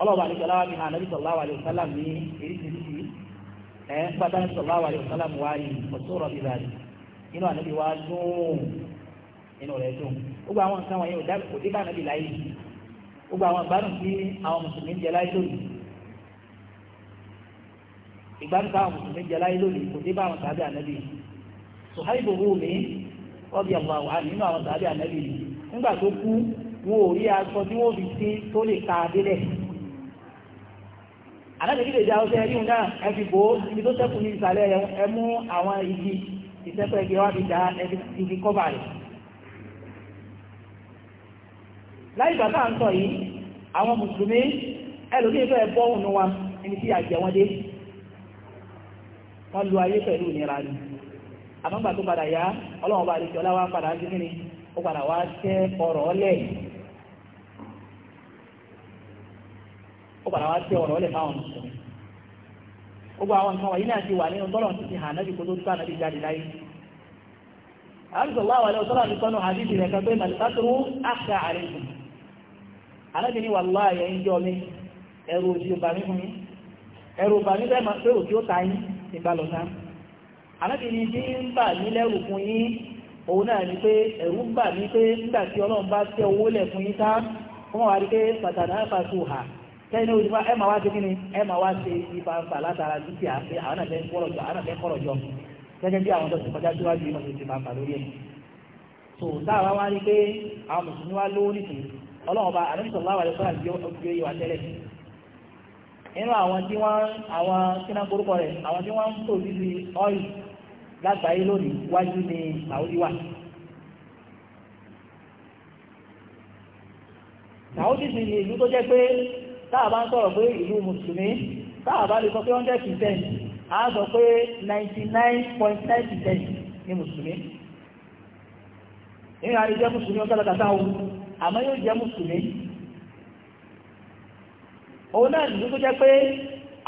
ọlọ́ọ̀bà ní sọ̀láwà ní ànábì sọ̀láwà àlè òsálàm ní eréṣiríṣi ẹ̀ ń pátá ní sọ̀láwà àlè òsálàm wá rí ọ̀ṣọ́rọ̀ bíbá rí inú ànábì wá dùn inú rẹ̀ dùn gbogbo àwọn nǹkan wọ̀nyí kò dé bá ànábì láyé gbogbo àwọn ìgbádùn tí àwọn mùsùlùmí ń jẹ láyé lónìí ìgbádùn táwọn mùsùlùmí ń jẹ láyé lónìí kò dé bá àwọn tàbí ànábì sùháìbò rúmi ọbí àwọn àwọn nínú àwọn tàbí ànábì nígbà tó alábẹ̀kí lè já ọṣẹ yíò náà ẹ fi bò ó ibi tó sẹ́kù ní ìsàlẹ̀ ẹ mú àwọn igi ìsẹ́kù ẹgbẹ́ wa fi dá igi kọ́bà rẹ̀ láì bàbá ń sọ yìí àwọn mùsùlùmí ẹlòmí fẹ́ bọ́ òun wa ẹni tí àjẹ wọn dé wọ́n lu ayé pẹ̀lú ìnira ni àmọ́gbà tó padà yá ọlọ́run bá lè fi ọlá wa padà ń dín ní ó padà wá tẹ́ ọ̀rọ̀ ọlẹ́yìn ó padà wá tẹ ọ̀rọ̀ ọ̀lẹ̀ fáwọn mùsùlùmí gbogbo àwọn nǹkan wọ̀nyí náà ti wà nínú tọ́lọ̀ ti hàn náà ju kó tó ànábì jáde láyé àbísọ̀lá wà lọ́wọ́ sọ́lá ti sọ́nù rẹ̀ ní fún mi ẹrù kẹ́yìn náà ojúmọ́ ẹ máa wá ṣe kí ni ẹ máa wá ṣe ìfàǹfà látara dúkìá pé àwọn náà fẹ́ jọ àwọn jọ gẹ́gẹ́ bí àwọn kọjá síwájú ìmọ̀ tuntun máa fà lórí ẹ̀. tó wá rí pé àwọn mùsùlùmí wá lówó nìkan ọlọ́run ọba àdéhùn láwà lè fọ́nà tẹ́lẹ̀. àwọn tí wọ́n àwọn rẹ̀ àwọn tí táàbá ń sọ̀rọ̀ pé ìlú mùsùlùmí táàbá lè sọ pé 100% a pé 99.9% ní mùsùlùmí nínú àrí jẹ́ mùsùlùmí ọ̀tọ́lọ́kàtà ohun àmọ́ yóò jẹ́ mùsùlùmí òun náà nìyí tó jẹ́ pé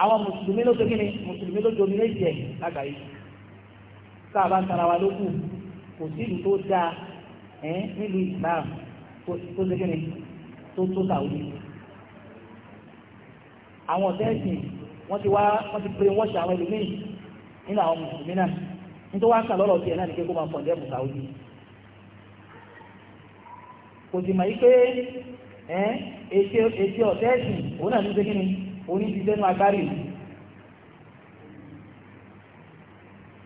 àwọn mùsùlùmí ló tókí ni mùsùlùmí ló jomi méjì ẹ̀ lágbàáyé táàbá ń tara wa lókù kò sí ìlú tó dáa nílùú ìsìláàmù tó tókí tó tó tàwọn àwọn ọ̀tẹ́ẹ̀sì wọ́n ti wá wọ́n ti pè wọ́ṣẹ̀ àwọn ẹlòmíì nínú àwọn mùsùlùmí náà nítorí wá kàn lọ́rọ̀ tiẹ̀ náà ní pé kó máa pọ̀ dẹ́kun sáwọ́dì kò sì mọ̀ yí pé ètí ọ̀tẹ́ẹ̀sì òun náà ní ṣe ni, òun ní ti sẹ́nu agbárí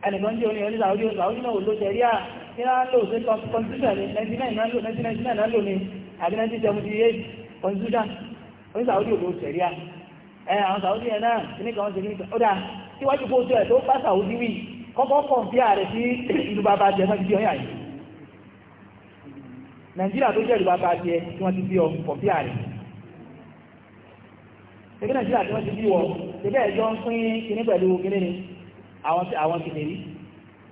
ẹnìkan jẹ́ oní oníṣà orí oníṣà orí náà ò ló ṣẹ̀rí à ní náà lò sí constitution ní 1999 náà lò ní 1978 constitution oníṣà orí ò ló ṣẹ̀rí à ẹ àwọn sàwọ́dí ẹ̀ náà kìnnìkan wọ́n ti ní ó dáa tí wájú kó tó ẹ̀ tó bá sàwọ́dí wì kọ́kọ́ kọ̀ǹpíà rẹ̀ sí ìlú bàbá jẹ́ náà ti di ọ̀yà yìí nàìjíríà tó jẹ́ ìlú bàbá jẹ́ tí wọ́n ti di ọ̀kọ̀ǹpíà rẹ̀ ṣẹ́gbẹ́ nàìjíríà tí wọ́n ti di wọ ṣẹ́gbẹ́ ẹ̀jọ́ ń pín kinní pẹ̀lú kinní ni àwọn kìnìrí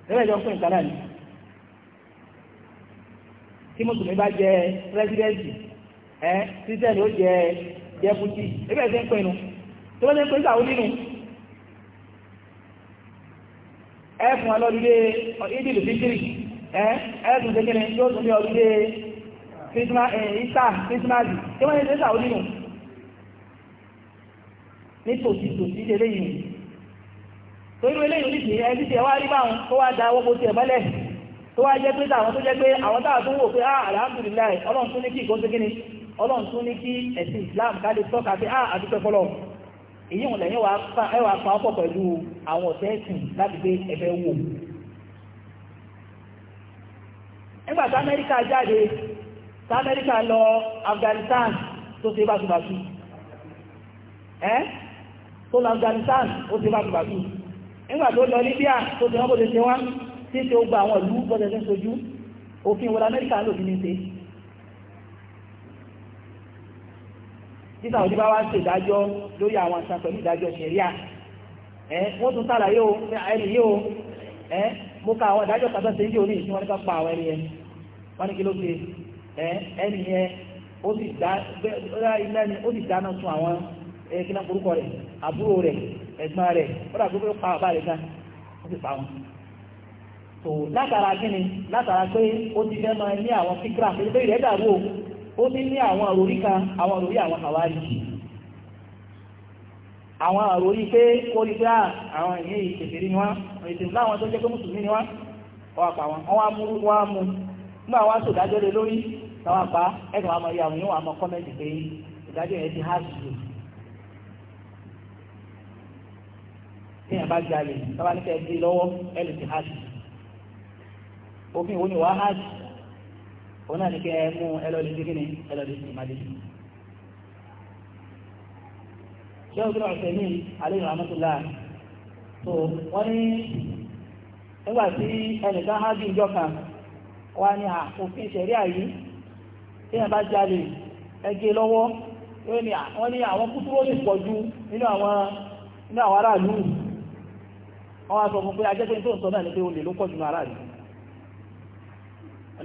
ṣẹ́gbẹ́ ẹ̀jọ́ ń pín ìkànnà ni tí mùsùlùmí bá jẹ pírẹsidẹ́ǹtì ẹ́ sísẹ́ni ó jẹ jẹ́bùtì tí wọ́n jẹ́ pé ìgbà onínú ẹ̀fún ọlọ́dúdé ìdìlù fítírì ẹ̀ẹ́dùn tẹ́kẹ́ni yóò tún bí ọdúdé jẹ́ pé ní ilé yìí tí ẹ wá rí tó wá da owó tó wá jẹ́ pé tó jẹ́ pé àwọn tó wò pé ah ọlọ́run tún ní kí ọlọ́run tún ní kí ẹ̀sìn Islam ah, èyí wọn lẹ́yìn wà pa ẹwà pa ọkọ̀ pẹ̀lú àwọn ọ̀tẹ́ ẹ̀sìn láti gbé ẹ̀fẹ́ wò nígbà tí amẹ́ríkà jáde tí amẹ́ríkà lọ Afghanistan tó ṣe báṣubàṣu ẹ́ tó lọ Afghanistan ó ṣe báṣubàṣu nígbà tó lọ Libya tó ṣe wọ́n bó ṣe ṣe wá tí ṣe ó gba àwọn ìlú bọ́ṣẹ̀ ṣe sojú òfin ìwọ̀n amẹ́ríkà lòfin ní ṣe títà òjú bá wá ń ṣe ìdájọ́ lórí àwọn àṣà pẹ̀lú ìdájọ́ ṣẹ̀ríà ẹ wọ́n tún sàlàyé o ẹni yìí o ẹ mo ka àwọn ìdájọ́ kàtà ṣe ń jẹ́ orí pa àwọn ẹni yẹn wọ́n ní kí ló ṣe ẹ ẹni yẹn ó sì dá iná ni ó sì dáná sun àwọn kíná orúkọ rẹ̀ àbúrò rẹ̀ ẹ̀gbọ́n rẹ̀ ó dà gbogbo pa ó ti ní àwọn àròrí kan àwọn àròrí àwọn àwárí àwọn àròrí pé kó rí pé ah, àwọn ìyẹ́ ìṣẹ̀fẹ̀rí ni wọ́n ìṣẹ̀fẹ̀ láwọn tó jẹ́ pé mùsùlùmí ni wọ́n wà pa wọn wọ́n mú wọ́n mú nígbà wọ́n ona náà ní kí ẹ mú ẹlọ́dí sí kíni ẹlọ́dí sí ìmádé ṣé o tó náà tẹ̀lé alẹ́ wọ́n ní nígbà tí ẹnìkan há bí ìjọ kan wá ní òfin ìṣẹ̀rí àyí tí bá jalè lọ́wọ́ wọ́n ní àwọn kútúrò lè pọ̀ ju nínú àwọn aráàlú wọ́n wá sọ fún pé ajẹ́pẹ́ tó ń sọ náà ní pé ló pọ̀ jù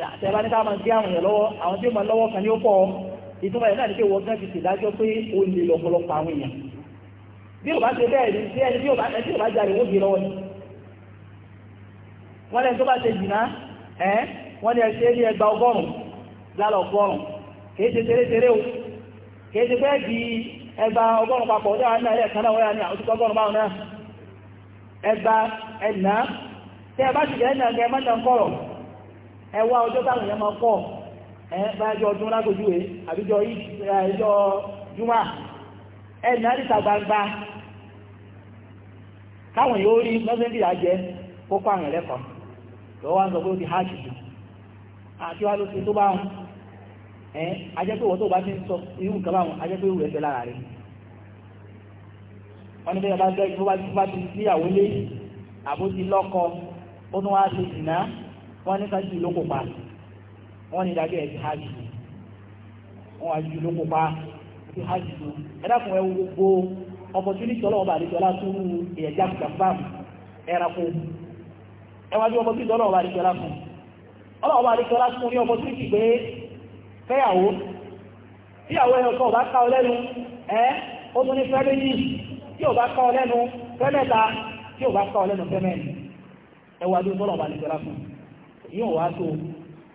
àtẹ̀bá ní káàmà gbé àwọn èèyàn lọ́wọ́ àwọn tí ó máa lọ́wọ́ kan ní ó pọ̀ ìtumọ̀ ẹ̀ náà ní pé wọ́n gán ti ṣèdájọ́ pé ó lè lọ́pọ̀lọpọ̀ àwọn èèyàn bí ò bá ṣe bẹ́ẹ̀ ni bí ẹni bí ò bá ẹni tí ò bá jáde ó gbé lọ́wọ́ ni wọ́n lẹ́ni tó bá ṣe jìnnà ẹ́ wọ́n ní ẹṣẹ́ ní ẹgbà ọgọ́rùn-ún lálọ́ ọgọ́rùn-ún kìí ṣe tẹ́lẹ̀tẹ́lẹ̀ o kìí ṣe bẹ́ẹ̀ di ẹgbà ọgọ́rùn-ún papọ̀ ọjọ́ àwọn ẹ̀rẹ́ kan náà wọ́n ní àwọn ọgọ́rùn ẹ wá ọjọ́ táwọn èèyàn máa pọ̀ ẹ báyọ̀ ọdún lágbójú rẹ̀ àbíjọ ìjọ júmọ́ ẹ ní àríta gbangba káwọn yóò rí mẹ́sẹ̀ndì àjẹ́ kó kó àwọn ẹlẹ́kọ̀ọ́ lọ́wọ́ ń sọ pé ó ti háàjì jù àti wá ló ti tó bá wọn ẹ ajẹ́ pé wọ́n tó bá ti ń sọ irú nǹkan báwọn ajẹ́ pé irú rẹ̀ fẹ́ lára rẹ̀ wọ́n ní bẹ́ẹ̀ bá ti níyàwó lé àbó ti lọ́kọ ó tún wá ti dìnnà wọ́n ní ká jù ló kópa wọ́n ní ìdájọ́ ẹ̀ ti hajj wọ́n wá jù ló kópa ti hajj tó ẹ dákun ẹ gbogbo opportunity ọlọ́wọ́ bá àdéjọ́lá tó wù ẹ̀yà jàpàm ẹranko ẹ wá bí opportunity ọlọ́wọ́ bá àdéjọ́lá fún ọlọ́wọ́ bá àdéjọ́lá fún ní opportunity pé fẹ́yàwó tíyàwó ẹ̀yọ̀ kan ò bá ká ọ lẹ́nu ẹ́ ó tún ní fẹ́ méjì tí ò bá ká ọ lẹ́nu fẹ́ mẹ́ta tí ò bá ká ọ lẹ́nu fẹ́ mẹ́rin ẹ wá bí ọlọ́wọ́ bá àdéjọ́lá yóò wá tó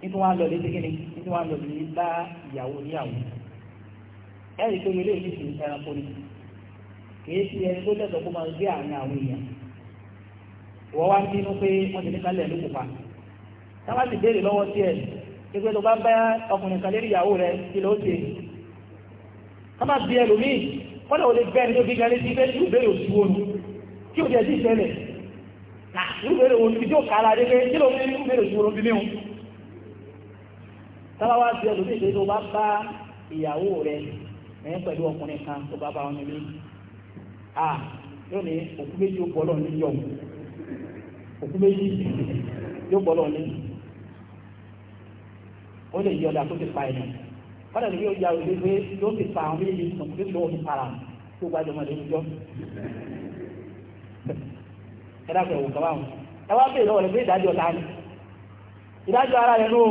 nítorí wọn lọ lé sí kíni nítorí wọn lọ lé bá ìyàwó níyàwó ẹ̀rí tó yẹlé yìí sì ẹranko ni kìí ṣe ẹni tó lẹ́sọ̀ kó máa gbé àárín àwọn èèyàn wọ́n wá bínú pé wọ́n ti ní kálẹ̀ ló kópa táwọn sì béèrè lọ́wọ́ tiẹ̀ pípẹ́ tó bá bá ọkùnrin kan lérí ìyàwó rẹ̀ kí ló ṣe kámá bí ẹlòmíì kọ́dọ̀ ò lè bẹ́ẹ̀ ni tó fi gan létí pé tí ò béèrè òṣùwọ̀n kí ò jẹ́ sí ìṣẹ̀lẹ̀ nígbèrè òun ti jó kára dé pé kí ló ní nígbèrè ìṣòro bí léhun tábàwá ti ọdún tí ìṣèlú bá bá ìyàwó rẹ ẹ̀ pẹ̀lú ọkùnrin kan tó bá bá wọn nílé à yóò ní òkú méjì ó bọ́ lọ ní yọ̀ òkú méjì yóò bọ́ lọ ní ó lè yí ọ̀dà tó ti pa ẹ̀yìn wọ́n lè ní yóò ya òde pé yóò ti pa àwọn méjì tó ti lọ́wọ́ para tó gbàjọmọ̀ lórí yọ. ẹ̀dá pẹ̀lú kaba wọn ẹ wá bèèrè lọ́wọ́ rẹ̀ pé ìdájọ́ ta ni ìdájọ́ ara rẹ̀ nù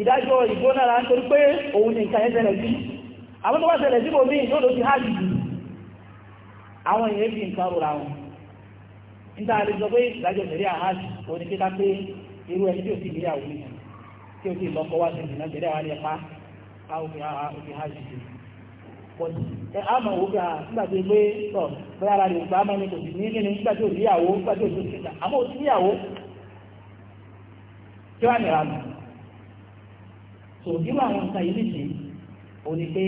ìdájọ́ ìgbóná ara nítorí pé òun ni nǹkan ẹ̀ṣẹ̀lẹ̀ sí àwọn tó wá sí bòmí yóò ló há jù àwọn èèyàn fi nǹkan wọn níta lè sọ pé ìdájọ́ òun ni pé irú ẹni ẹ á mọ̀ wọ́n gbà nígbà tí pé sọ bóyá ara rẹ̀ gbà mọ́ni kò sì ní kíni nígbà tí ò níyàwó nígbà tí ò tó kíkà àmọ́ ò sí níyàwó tí wàá nìra nù. tò nínú àwọn nǹkan yìí nìsí ò ní pé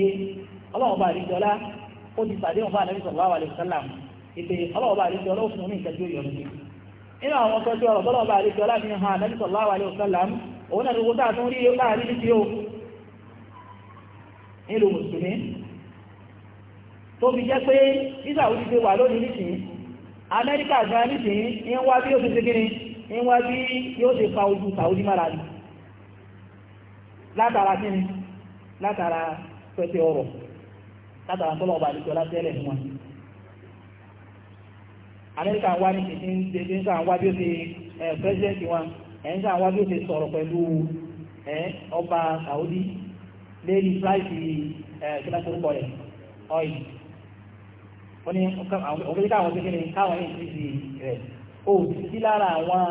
ọlọ́run bá àdéjọ ọlá ó ti pàdé wọn fún àdébí sọ̀rọ̀ àwọn àlejò sálàm ìpè ọlọ́run bá àdéjọ ọlá ó fún un ní nǹkan tí ó yọ nínú. àwọn o nílùú tó fi jẹ́ pé nígbà orí ṣe wà lónìí nìsìn amẹ́ríkà gan nìsìn ní wá bí ó ṣe ṣe gíní ní wá bí yóò ṣe fa ojú Saudi mara ní látara kíni látara pẹ́pẹ́ ọrọ̀ látara tọ́lọ̀ ọba àdìsọ látẹ́lẹ̀ fún wọn amẹ́ríkà wá ní ìsìn ṣe ń sàn wá bí ó ṣe pẹ́sidẹ́ntì wọn ẹ̀ ń sàn wá bí ó ṣe sọ̀rọ̀ pẹ̀lú ọba Saudi lẹ́yìn fúláìsì kíláṣẹ́ orúkọ rẹ̀ ọ́yìn wọ́n ní òkè káwọn tó kéde káwọn rẹ̀ o sí lára àwọn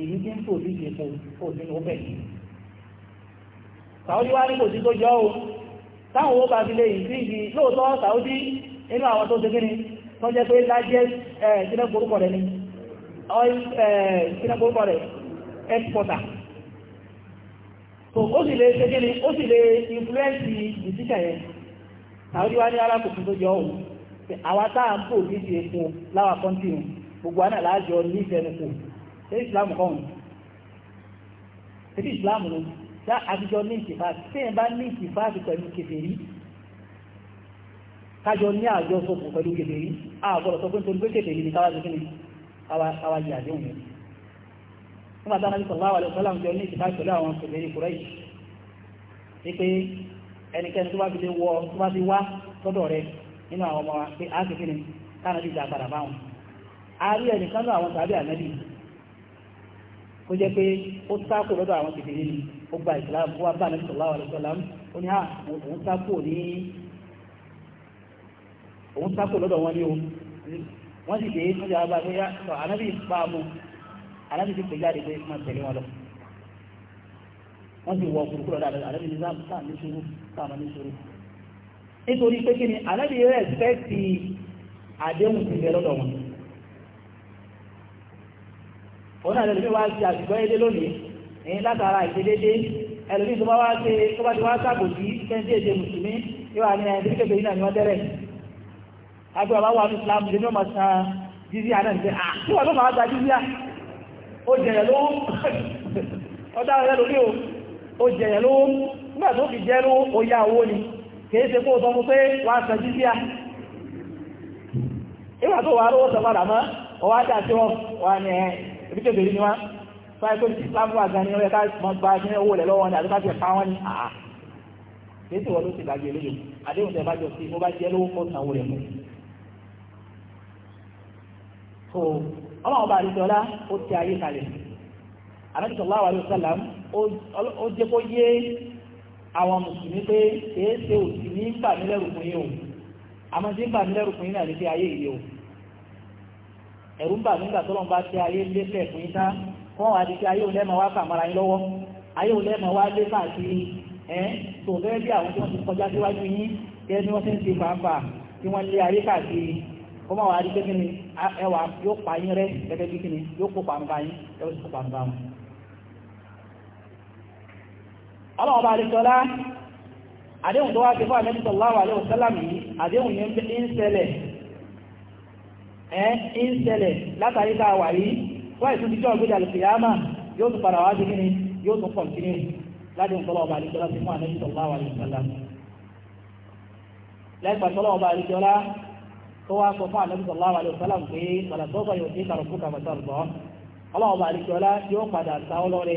èyí tí ń tò sí ìṣèpò kò sí ní opec sàwọ́dí wá ní kò sí tó jọ o táwọn owó bá fi lè yìí sí ìdí lóòótọ́ sàwọ́dí inú àwọn tó ṣe tó jẹ́ pé lájẹ́ rẹ̀ ni oil rẹ̀ exporter so ó sì lè ṣe ó sì lè influence ìdíṣẹ̀ yẹn sàwọ́dí wá ní alákòókò tó jọ o àwa tá à ń bò ní ti epo láwa kọ́ńtì wọn gbogbo àná láàjọ ní ìfẹnukò ṣé islam kọ́ wọn ṣé islam ló ṣá àtijọ́ ní ìtìfáàsì ṣé ẹ̀ bá ní ìtìfáàsì pẹ̀lú kèfèrí kájọ ní àjọ sọ̀kù pẹ̀lú kèfèrí àgbọ̀dọ̀ sọ pé nítorí pé kèfèrí ni káwá ṣe kí ni káwá yẹ àdéhùn yẹn nígbà táwọn ẹni sọ̀rọ̀ àwọn ọ̀sọ́lá ọ̀jọ́ ní ìtìfáàsì pẹ̀lú àwọn kèfèrí kúrẹ́ nínú àwọn ọmọ wa pé a ti kíni káàdì ìjà padà bá wọn a rí ẹni kan lọ àwọn tàbí ànábì ó jẹ́ pé ó sáàkù lọ́dọ̀ àwọn tètè nínú ó gba ìsìláàmù bá sallallahu alaihi wasallam ó ní àwọn sáàkù ní òun sáàkù lọ́dọ̀ wọn ní o wọ́n sì dé wọ́n jẹ́ àbá pé yàtọ̀ ànábì bá a mú ànábì ti pè jáde pé máa tẹ̀lé wọn lọ wọ́n sì wọ kúrúkúrọ̀ dáadáa ànábì ní sáà ní sùúrù nítorí pé kí ni ànábì rẹ̀ fẹ́ ti àdéhùn ti bẹ̀rẹ̀ lọ́dọ̀ wọn òun náà lẹ́lẹ́mí wá sí àsìkò ẹdẹ lónìí ní látara ìṣedédé ẹlòmí tó bá wá ṣe tó bá ti wá sáàbò sí fẹ́ǹsì èdè mùsùlùmí yóò wà ní ẹni tó kékeré náà ni wọ́n tẹ́lẹ̀ agbẹ́ ọba wà ní Islam lè ní ọmọ san jíjí àná ìṣe à tí wọ́n tó máa gba jíjí à ó jẹ̀yẹ̀ ló ọ̀dà rẹ̀ lórí o ó jẹ̀yẹ̀ ló nígbà tó fi jẹ́ ló ó yá owó ni kìí ṣe kó sọ mú pé wá sọ jíjíà ìwà tó wà lówó sọpadà mọ́ ọwá dà sí wọn wà ní ẹ̀ ibi kéde ní wá fáyé pé islamu wà gan ni ọ̀rẹ́ ká mọ gba ní owó rẹ̀ lọ́wọ́ ní àti káfíẹ̀ pa wọ́n ní àá kìí ṣe wọ́n ló ti gbàgbé lóyún àdéhùn tẹ̀ bá jọ sí bó bá jẹ́ lówó kó àwọn mùsùlùmí pé kìí ṣe òsì ní gbàmílẹ̀rù fún yín o àmọ́ tí gbàmílẹ̀rù fún yín náà ní pé ayé yìí o ẹ̀rù ń bà nígbà tó lọ́n bá ti ayé lélẹ̀ fún yín tá kọ́ wá di pé ayé òun lẹ́mọ̀ wá kàmọ́ra yín lọ́wọ́ ayé òun lẹ́mọ̀ wá lé káàkiri ẹ̀ tó gẹ́gẹ́ bí àwọn tí wọ́n ti kọjá síwájú yín gẹ́gẹ́ bí wọ́n ti ń ṣe fàáfà tí wọ́n lé ayé káàkiri ó máa wá rí pé kí ni ẹwà yóò pa yín rẹ́ gẹ́gẹ́ bí kí ni yóò kó pàǹpà ọlọ́ọ̀bá àríkọlá àdéhùn tó wá ti fún àmẹ́bí sallallahu alaihi wasallam yìí àdéhùn yẹn ń ṣẹlẹ̀ ẹ́ ń ṣẹlẹ̀ látàrí tá a wà yìí wọ́n ìtún ti jọ́ ọ̀gbẹ́dà lùfìyàmà yóò tún padà wá sí kíni yóò tún pọ̀ kíni ládéhùn tọ́lọ́ọ̀bá àríkọlá ti fún àmẹ́bí sallallahu alaihi wasallam lẹ́gbà tọ́lọ́ọ̀bá àríkọlá tó wá sọ fún àmẹ́bí sallallahu alaihi wasallam pé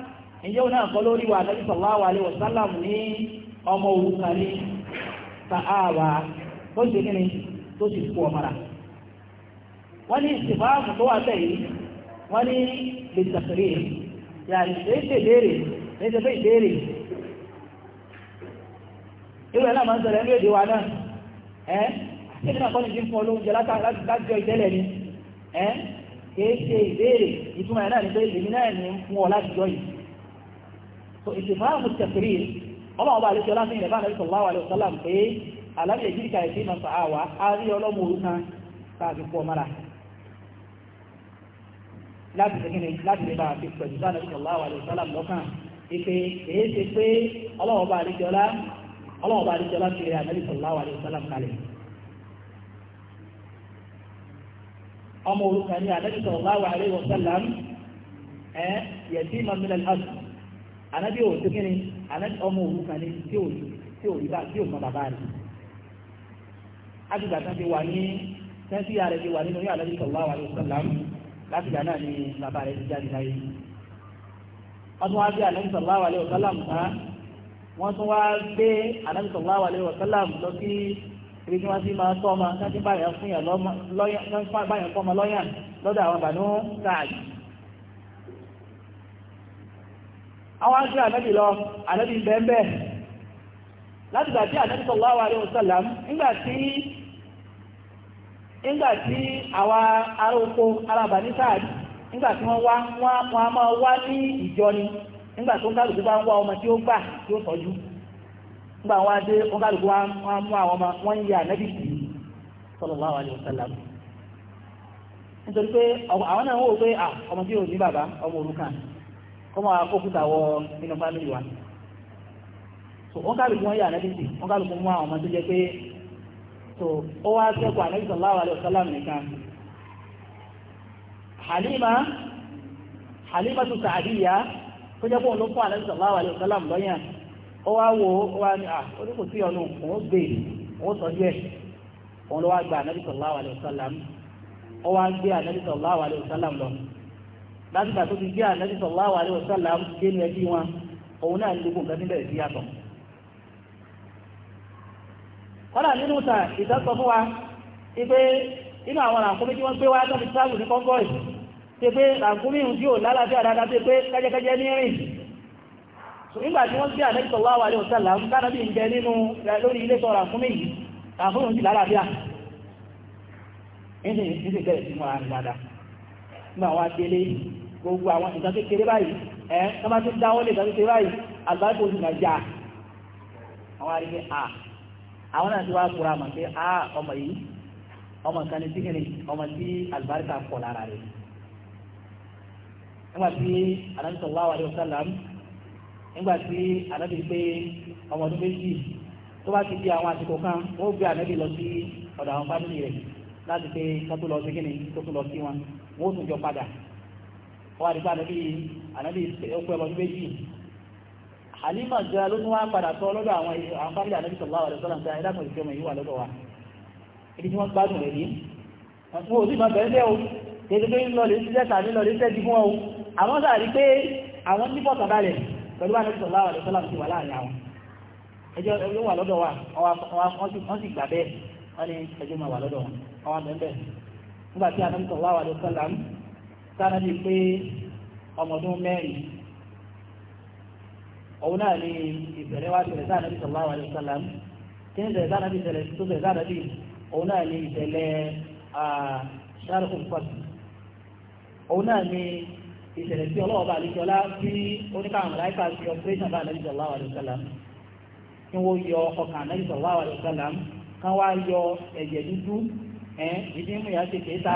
ìjọ náà kọ́ lórí wa Ànábì sallallahu alaihi wasallam ní ọmọ òrùka ní sàáàbà tó ṣe kí ni tó sì kú ọmọra wọ́n ní ìsìnkáàmù tó wà tẹ̀yìn wọ́n ní lè tàkìrí yàrá ìṣe ìbéèrè léṣe fẹ́ ìbéèrè irú ẹ̀ náà máa ń sọ̀rọ̀ ẹ̀rú èdè náà ẹ́ kí ni náà kọ́ ni jí ń fún olóúnjẹ látàjọ ìtẹ́lẹ̀ ni ẹ́ kìí ṣe ìbéèrè ìtumọ̀ ẹ̀ náà ni pé èmi náà ni ń fún ọ látijọ́ yìí استفهام التقرير الله أبا عليه السلام إلى الله عليه وسلم إيه ألم يجدك يتيما فآوى هذه يولو مورنا فأجب ومرا láti ṣẹ́kẹ́ni láti lè bá àti pẹ̀lú sáà nàbí sallallahu alaihi wasallam lọ́kàn ìpè èyí ṣe pé ọlọ́wọ́ bá ọlọ́wọ́ ọmọ orúkọ ní ànábì sallallahu alaihi wasallam ẹ̀ yẹ̀tí mọ́mílẹ̀ lásìkò ànábì ò tó kíni ànábì ọmọ òun kan ní tí ò tí ò rí bá tí ò mọ bàbá rẹ̀ àtìgbà tán ti wà ní sẹ́ńtì ààrẹ ti wà nínú yóò ànábì sallallahu alaihi wasallam láti gbà náà ni bàbá rẹ̀ ti jáde láyé wọ́n tún wá gbé ànábì sallallahu alaihi wasallam tán wọ́n tún wá gbé ànábì sallallahu alaihi wasallam lọ sí ibi tí wọ́n ti máa tọ́ ọmọ sáńtì báyọ̀ fún yàn lọ́yàn lọ́dọ̀ àwọn bànú sáàjì àwọn aṣọ ànábì lọ ànábì bẹ́ẹ̀bẹ́ láti gbà tí ànábì sallallahu wasallam nígbàtí àwa ará oko alábà ní sáàdì nígbàtí wọ́n wá wọ́n a wá ní ìjọ ni nígbàtí wọ́n kálùkù bá ń wá ọmọ tí ó gbà tí ó tọ́jú wasallam nítorí pé àwọn náà wọ́n pé ọmọ tí ò ní kọ́ máa kó kúta wọ inú fámìlì wa so wọ́n kálukú wọn yà ànábì sí wọ́n kálukú wọn àwọn ọmọ tó jẹ́ pé so ó wá sẹ́kọ̀ọ́ ànábì sallallahu alaihi wasallam nìkan Halima Halima tó Sa'diyya tó jẹ́ pọ̀ ló fún ànábì sallallahu alaihi wasallam lọ́yàn ó wá wo ó wá ní à ó ní kò sí ọ̀nà òun gbé e, òun sọ́jú ẹ̀ òun ló wá gba ànábì sallallahu alaihi wasallam ó wá gbé ànábì sallallahu alaihi wasallam lọ látìgbà tó ti jẹ́ ànábì sallallahu alaihi wasallam dénú ẹbí wọn òun náà ní gbogbo nǹkan tí bẹ̀rẹ̀ sí yàtọ̀ nínú ta ìtọ́sọ fún wa ipé inú àwọn ràǹkúmí tí wọ́n gbé wá tọ́bi táàbù ní kọ́ńgọ́ì ṣe pé ràǹkúmí ìhùn tí ò lálàáfíà dáadáa ṣe pé ní rìn nígbà tí wọ́n gbé nínú lórí ilé gbogbo àwọn nǹkan kékeré báyìí ẹ tọ́ba tó dáwọ́ lè nǹkan kékeré báyìí àgbáríkò sì máa já àwọn àrígbé à àwọn náà ti wá kura mọ̀ pé à ọmọ yìí ọmọ nǹkan ní síkìrì ọmọ tí àlùbáríkà pọ̀ lára rẹ̀ nígbà tí Ànábì sallallahu alaihi wasallam nígbà tí Ànábì pé ọmọ ọdún méjì tó ti di àwọn àsìkò kan ó gbé Ànábì lọ sí ọ̀dọ̀ àwọn fámìlì rẹ̀ láti pé kó tó lọ sí kíni kó tó lọ sí wọn wọ́n tún jọ padà wọ́n wá nípa ànábì ànábì ọkọ̀ ẹ̀mọ́ méjì Halima gan ló tún wá padà sọ lọ́dọ̀ àwọn àwọn fámìlì ànábì sallallahu alaihi wasallam ta ẹ̀dá kan ìfẹ́mọ̀ yìí wà lọ́dọ̀ wa ibi tí wọ́n gbádùn rẹ̀ ní wọn ò sì máa bẹ̀rẹ̀ lẹ́ o kéde pé ń lọ lè ṣiṣẹ́ tàbí lọ lè ṣiṣẹ́ di fún ọ àwọn sáà rí pé àwọn nípọ̀ tàbálẹ̀ pẹ̀lú ànábì sallallahu alaihi wasallam ti wà láàrin sánábì pé ọmọdún mẹ́rin òun náà ni ìbẹ̀rẹ̀ wá ṣẹlẹ̀ sánábì sallallahu alaihi wasallam kí ní ṣẹlẹ̀ sánábì ṣẹlẹ̀ tó ṣẹlẹ̀ sánábì òun náà ni ìṣẹ̀lẹ̀ sharhul fath òun náà ni ìṣẹ̀lẹ̀ tí ọlọ́wọ́ bá àlejòlá tí oníkàwọn láìka yọ ọkàn ànábì sallallahu alaihi wasallam kán wá yọ ẹ̀jẹ̀ dúdú ẹ̀ ìdí mú ìyá ṣe kéta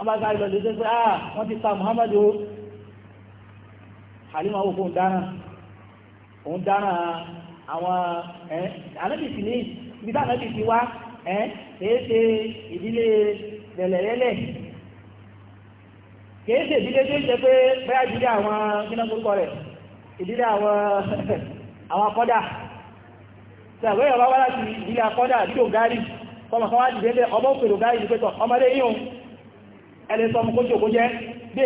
wọ́n bá sáré lọ ah wọ́n ti pa Muhammadu o Halima wò fún dáná òun dáná àwọn ẹ̀ anábì sì ní ibi tá anábì ti wá ẹ̀ kìí ṣe ìdílé lẹ̀lẹ̀lẹ́lẹ̀ kìí ṣe ìdílé tó ń ṣe pé bẹ́ẹ̀ ìdílé àwọn kíná kúrúkọ rẹ̀ ìdílé àwọn akọ́dà ṣàgbé ìyọ̀bá wá láti ìdílé akọ́dà dídò gáárì kọmọ̀kan wá dìbẹ́lẹ̀ ọmọ òkèrò gáárì ní ọmọdé yíò ẹlẹ́ sọmù kó jòkó jẹ́ bí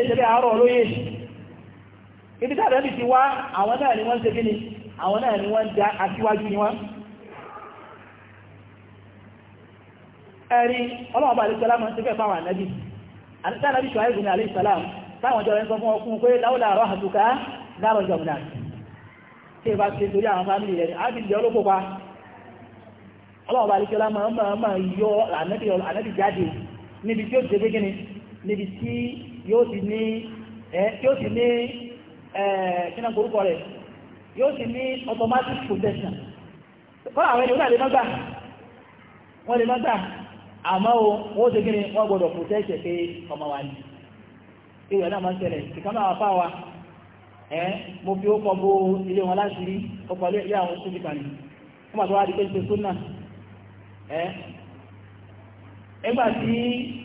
ni wọ́n ṣe ni wọ́n já aṣíwájú ni wọ́n ẹ̀rí ọlọ́wọ́ bá alẹ́sọ́lá máa ń tẹ́fẹ́ fáwọn ànábì àtẹ́sẹ́ ànábì ṣọ́ àìbùn alẹ́sọ́lá táwọn jọ rẹ̀ ń sọ fún ọkùn pé láúlà àrọ́ àtúkà láàrọ̀ jọmùnà tí ẹ bá ti torí àwọn fámìlì rẹ̀ ábìlì ọlọ́pọ̀ pa ọlọ́wọ́ bá alẹ́sọ́lá máa ń máa yọ ànábì jáde níbi tí ó ti ṣe gíní níbi tí yóò ti ní yóò ti ní kíná korúkọ rẹ̀ yóò ti ní automatic protection kọ́nà àwọn ènìyàn lè mọ́gbà wọ́n lè mọ́gbà àmọ́ o wọ́n ti gíní wọ́n gbọ́dọ̀ protect pé ọmọ wa ní ìwẹ̀ náà máa ń tẹ̀lẹ̀ ìkámọ́ àwọn afá wa mo fi ó kọ bo ilé wọn láti rí ọkọ̀ ilé àwọn oṣù nìkan ni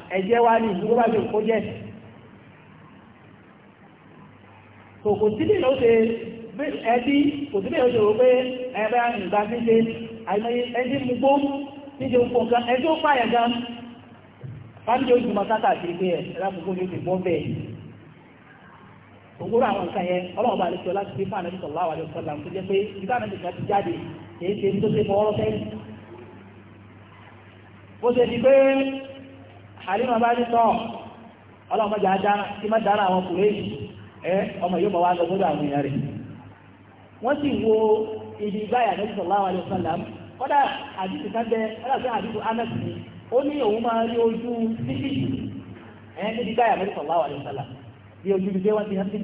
ẹ̀jẹ̀ wá ní ìlú bá lè kó jẹ́ kò kò sílẹ̀ ló ṣe ẹbí kò sílẹ̀ ló ṣe rò pé ẹgbẹ́ ìgbà ṣíṣe àìmọye ẹni mú gbó níṣe ń pọ̀ gan ẹjọ́ pààyàn gan fáńdé ojú ma sáta àti ìgbé ẹ̀ lákòókò ní ìbọn bẹ́ẹ̀ ògbóró àwọn nǹkan yẹn ọlọ́run bá lè sọ láti fi fáànà nípa ọ̀la àwàlẹ̀ ọ̀sọ̀lá tó jẹ́ pé ìgbà náà nìkan ti jáde èyí ṣe tó ṣe fọwọ́rọ́ fẹ́ bó ṣe di pé Halima bá ní tọ́ ọlọ́mọdé adára tí má dára àwọn kùrẹ́ẹ̀sì ẹ ọmọ yóò bọ̀ wá lọ gbọ́dọ̀ àwọn èèyàn rẹ̀ wọ́n sì wo ibi báyà ní sallallahu alaihi wasallam kọ́dà àdìsí kábẹ́ kọ́dà sí àdìsí ni ó ní òun máa rí ojú ẹ níbi báyà ní bí ojú wọ́n ti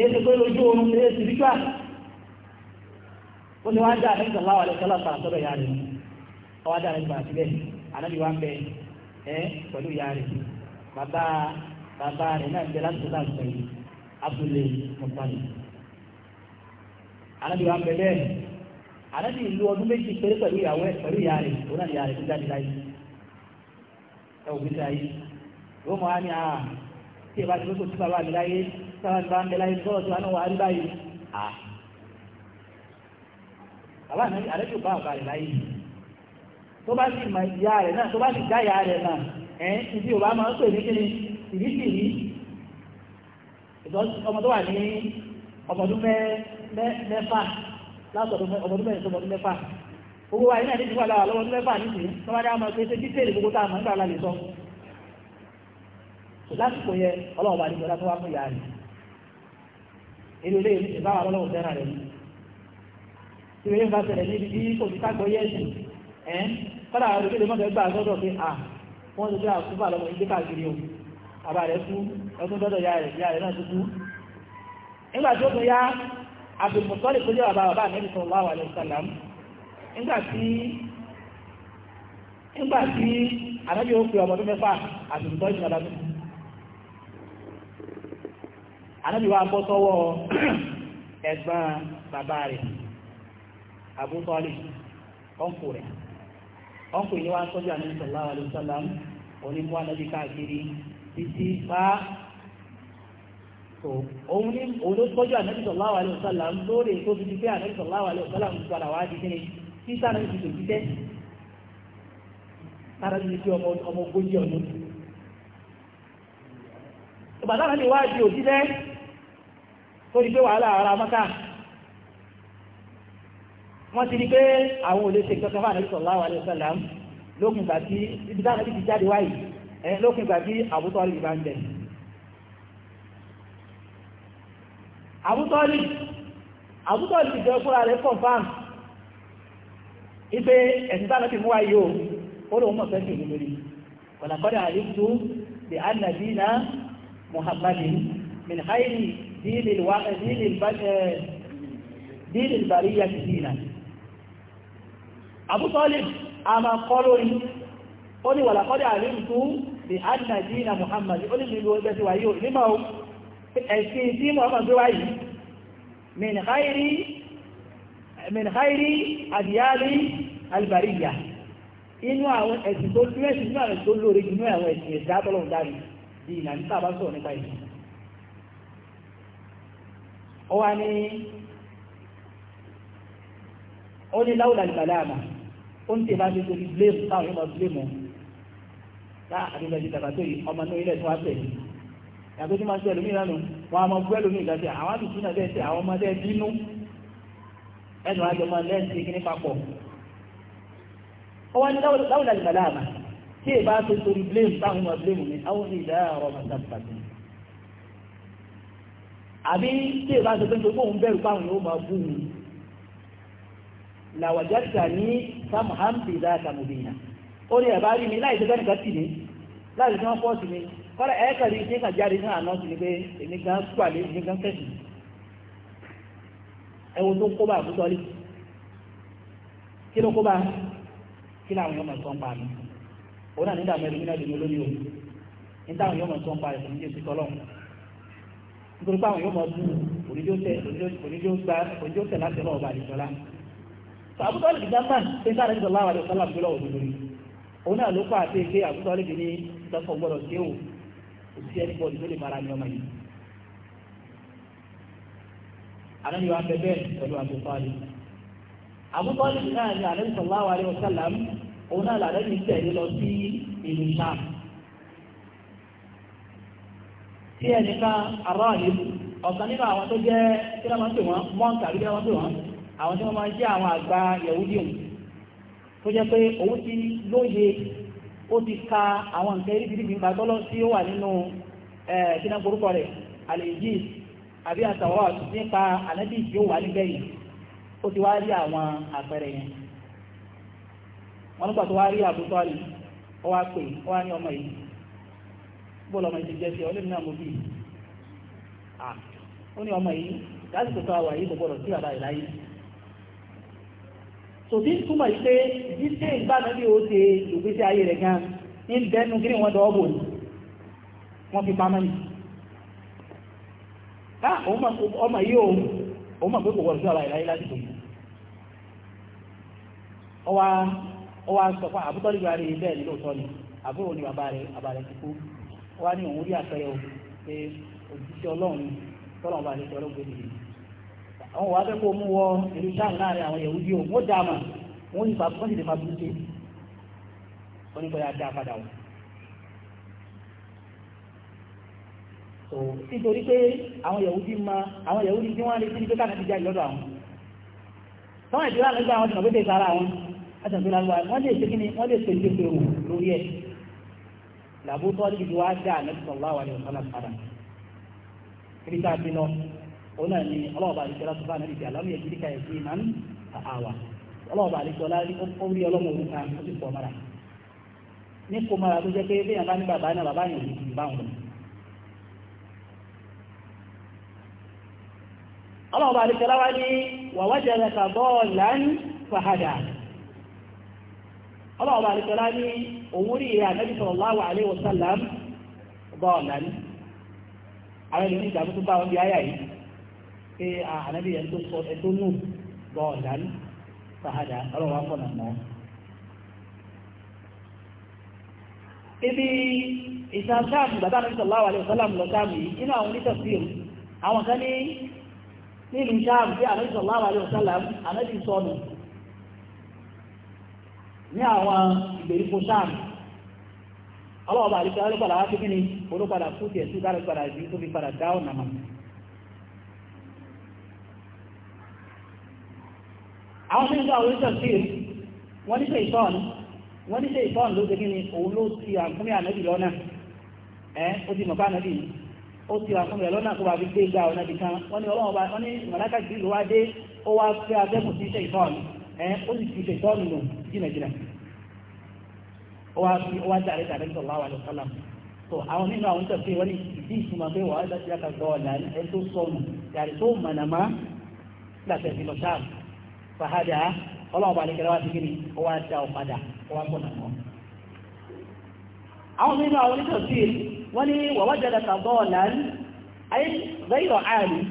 ti ti máa ni ó ní wá dá ànábì sọ̀rọ̀ àwọn àlẹ́sọ̀lá sọ̀rọ̀ sọ̀rọ̀ ìyá rẹ̀ ọwá dá ànábì sọ̀rọ̀ síbẹ̀ ànábì wá ń bẹ ẹ pẹ̀lú ìyá rẹ̀ bàbá bàbá rẹ̀ náà ń bẹ láti sọ̀rọ̀ sọ̀rọ̀ yìí abúlé mọ̀tàlì ànábì wá ń bẹ bẹ́ẹ̀ ànábì ìlú ọdún méjì péré pẹ̀lú ìyàwó ẹ̀ pẹ̀lú ìyá rẹ̀ òun náà ìyá rẹ̀ tó jáde láyé ẹ òbí sáyé ó mọ̀ á ní àá tí ìbá ti fẹ́ kó tí bàbá mi láyé sábà mi bá ń bẹ láyé sọ́ọ̀ tí wọn náà wà á rí báyìí bàbá àlejò bá bàbá rẹ̀ láyé tó bá sì mọ ìyá rẹ̀ náà tó bá sì já ìyá rẹ̀ náà ẹ̀ ibi ò bá máa ń pè ní kíni ìrísìrí ọmọ tó wà ní ọmọdún mẹ́fà látọ̀dún ọmọdún mẹ́rin tó ọmọdún mẹ́fà owó wa iná nídìí wà láwà lọ́wọ́ ọdún mẹ́fà nídìí tó bá dá máa pèsè dítèlì gbogbo tá a máa ń gbà lálẹ́ sọ lásìkò yẹ ọlọ́ọ̀bà nígbà tó wá fún ìyá rẹ̀ èrè ilé ìbáwà lọ́wọ́ rẹ̀ tí wọ́n bá tẹ̀lẹ̀ níbi tí kò ní kágbọ́ yẹ́sì ẹ́ kọ́dà olùgbé mọ́tẹ̀ gbà sọ́dọ̀ pé à wọ́n ti lọ́mọ ìgbé káàkiri àbá rẹ̀ kú dọ́dọ̀ ya rẹ̀ ya rẹ̀ náà nígbà tí ó tún ya sọ wà wàlẹ̀ sàlám nígbà tí nígbà tí àmẹ́bí ó pe mẹ́fà àbùmùsọ́lì bàbá tó kú àmẹ́bí wa bọ́ sọ́wọ́ ẹ̀gbọ́n Abu Talib ọ̀nkù ni. ọ̀nkù yìí wá sọ́jà ní sallallahu alaihi wasallam onímú anábì káàkiri títí bá so òun ní òun ló tọ́jú anábì sallallahu alaihi wasallam lóòrè tó fi ti pé anábì sallallahu alaihi wasallam ń padà wá di kí ni títí anábì ti tò jíjẹ́ tára ti fi ọmọ ogójì ọdún ìgbà tára ni wá di òjíjẹ́ tó di pé wàhálà ara mọ́ká wọ́n ti rí pé àwọn ò lè ṣe kankan fún ànábì sallallahu alaihi wasallam lókun ìgbà tí ibi táwọn ẹbí ti jáde wáyé ẹ lókun ìgbà tí Abu Talib bá ń bẹ. Abu Talib Abu Talib ti jẹ́ fúnra rẹ̀ confam ipe ẹ̀sìn táwọn ẹbí mú wáyé o ó lóun mọ̀ fẹ́ sí ìlú lórí kọ̀làkọ́dà àlejò bí anabina Muhammadin min hayri dínil bàríyà eh, ti dínà àbútọ́lì àmà kọ́ lórí ó ní wàlàkọ́dẹ̀ àríntú bí anna dina muhammad ó ní lílo ẹgbẹ́ ti wáyé onímọ̀ ẹ̀sìn tí muhammad bí wáyé min khairi adiyari albariya inú àwọn ẹ̀sìn tó lú ẹ̀sìn náà tó lórí inú àwọn ẹ̀sìn ẹ̀sìn àtọ́lọ̀ dárí di ìlà ní ó ní ó ní àmà ó ń tèbá ṣe torí blame táwọn ọmọ blame ọ̀ tá àdúgbò ti dàgbà tó yìí ọmọ inú ilé tó wá bẹ̀ yàtọ̀ tí máa ń sọ ẹlòmíì lánàá wọn a máa gbọ́ ẹlòmíì ìgbà tí àwọn àdùkú náà bẹ́ẹ̀ tẹ àwọn ọmọdé bínú ẹnu àjọ máa lẹ́ǹtì kíní papọ̀ ọwọ́ ni láwùjọ àgbàlá àmà tí èbá ṣe torí blame táwọn ọmọ blame ni àwọn ní ìdá ọ̀rọ̀ màtà pàtó àbí tí èbá ṣe pé gbogbo òun bẹ̀rù páwọn yóò máa bú mi làwàjáta ní samuham bìdá samubina ó ní ẹ̀bá rí mi láì tó bẹ́ẹ̀ nìkan tì mí láì tó wọ́n fọ́ọ̀tì mi kọ́lá ẹ̀ẹ́kàrí ṣe é kàjáde náà àná sí ni pé èmi gan kú àlè èmi gan kẹ́sì ẹ̀wọ̀n tó kó bá àbútọ́lé kí ló kó bá kí làwọn yóò mọ̀ sọ́n pa mi òun náà nígbà mẹ́rin nínú ẹ̀dùn olórí òun nígbà àwọn yóò mọ̀ sọ́n pa ẹ̀sìn jésù tọ́lọ̀ nítorí pé àwọn yóò mọ̀ bú onídó tẹ onídó gba onídó tẹ láti ọlọ́ọ̀bà àdìsọ́lá àbútọ́lì ti dámà tí sáà nígbà láwà lè sálà tó lọ́wọ́ lórí òun náà ló pa àti pé àbútọ́lì ti ní lọ́sọ̀ gbọ́dọ̀ tí ó kò sí ẹni bọ́ọ̀lù tó lè mara ní ọmọ yìí ànábi wa bẹ́ẹ̀ pẹ̀lú àbútọ́lì àbútọ́lì ti náà ní ànábi sọ̀láwà lè sálà òun náà làdẹ́bí tẹ̀lé lọ sí ìlú sáà tí ẹnìkan àrọ́ àyè ọ̀sán nínú àwọn tó jẹ́ kí àwọn tí wọ́n máa ń jẹ́ àwọn àgbà yahudi òun tó jẹ́ pé òun ti lóye ó ti ka àwọn nǹkan eréjìdìbì ń gbàgbọ́lọ́ tí ó wà nínú kíná gbórúkọ rẹ̀ àlèjì àbí àtàwọ̀ nípa ànábì tí ó wà nígbẹ̀yìn ó ti wá rí àwọn àpẹẹrẹ yẹn wọn nígbà tó wá rí àbútọ́lì ó wá pè ó wá ní ọmọ yìí bó lọmọ ìṣe jẹ́ sí ọ lẹ́nu náà mo bí ah. ó ní ọmọ yìí láti tó tó àwà yìí kò gbọdọ̀ sí bàbá ìláyé tòtí túmọ̀ sí pé jíṣẹ́ ìgbàna bí ó ṣe ìgbésí ayé rẹ̀ gan ní bẹnu kí wọ́n dọ̀ ọ́bò ní wọ́n fi pamọ́ ní ká ah, ọmọ yìí òun òun mọ̀ pé kò wọ̀lú ọ̀la ìráyé lásìkò yìí ọwá ọwá sọ fún àbútọ́ nígbà rẹ̀ bẹ́ẹ̀ ní lóòótọ́ ni àbúrò ní bàbá rẹ̀ bàbá rẹ̀ ti kú ọwá ní òun rí àpẹẹrẹ o pé òjíṣẹ́ ọlọ́run tọ́lọ́run bá ní tọ́lọ́run gbé àwọn wà fẹ́kọ̀ọ́ mú wọ ìlú sáà láàrin àwọn Yahudi o wọ́n dáa mà wọ́n ní bàbá wọ́n sì lè máa burú sí wọ́n ní bọ́yá dáa padà wọ́n. tó nítorí pé àwọn Yahudi ma àwọn Yahudi tí wọ́n lè sí ní pé káàkiri ti jáde lọ́dọ̀ àwọn tọ́wọ́n ìdílé àlejò àwọn ìdìbò tẹ̀ sára àwọn àtàkùn làwọn wọ́n lè ṣe kí ni wọ́n lè ṣe ìgbésẹ̀ òru lórí ẹ̀ làbótọ́ òun náà ni ọlọ́ọ̀bà àlejòlá tó bá nàbì tí alámì ẹ̀jú níka ẹ̀jú ìmá ń ta àwà ọlọ́ọ̀bà àlejòlá ó rí ọlọ́mọ òun kan ó sì pọ̀ mọ́ra ní kó mọ́ra tó jẹ́ pé bí yàrá ní bàbá náà bàbá yẹn ò ní kì bá wọn. ọlọ́ọ̀bà àlejòlá wá ní wàwájà rẹ̀ kà bọ́ọ̀ lán fàhádà ọlọ́ọ̀bà àlejòlá ní pé ah, ànábì ẹ̀ tó sọ ẹ̀ tó nù bọ́ ọ̀dàn fàhádà ọlọ́wà kọ̀ nàmọ́. ibi ìsàkáàmù bàbá àti sọ̀lá wà lè sọ́lá mú lọ́sàmù yìí inú àwọn onítọ̀síò àwọn kan ní nílùú sáàmù tí ànábì sọ̀lá wà lè sọ́lá ànábì sọ̀nù ní àwọn ìgbèríko sáàmù ọlọ́wọ́ bá àlùkò alẹ́ padà wá sí kí ni olópadà kú tiẹ̀ sí dáre padà yìí tó fi padà dá ọ̀nà mọ́. àwọn tí ń gbà orí tẹ̀síìr wọ́n ní wọ́n ló gbẹ́gbẹ́ ni òun ló ti àkúnmí ànábì lọ́nà ẹ́ ó ti mọ̀ká ànábì ó ti rẹ̀ lọ́nà tó fi gbé gba ọ̀nà bì kan wọ́n ní ọlọ́wọ́n bá wọ́n ní mọ̀láka jù ló wá dé ó wá fẹ́ abẹ́kùn sí ṣe ìtọ́n ẹ́ ó sì ti ṣe ó wá fi ó so àwọn nínú àwọn fàhádà ọlọ́run bá nìkẹ́lẹ́ wá sí kí ni ó wá ọ padà ó wá gbọ́nà mọ́. àwọn mìíràn àwọn onítọ̀sí wọ́n ní wọ̀wọ́ jẹ́dẹ̀ kàbọ́ lánìí ayé rẹ́yọ̀ àárín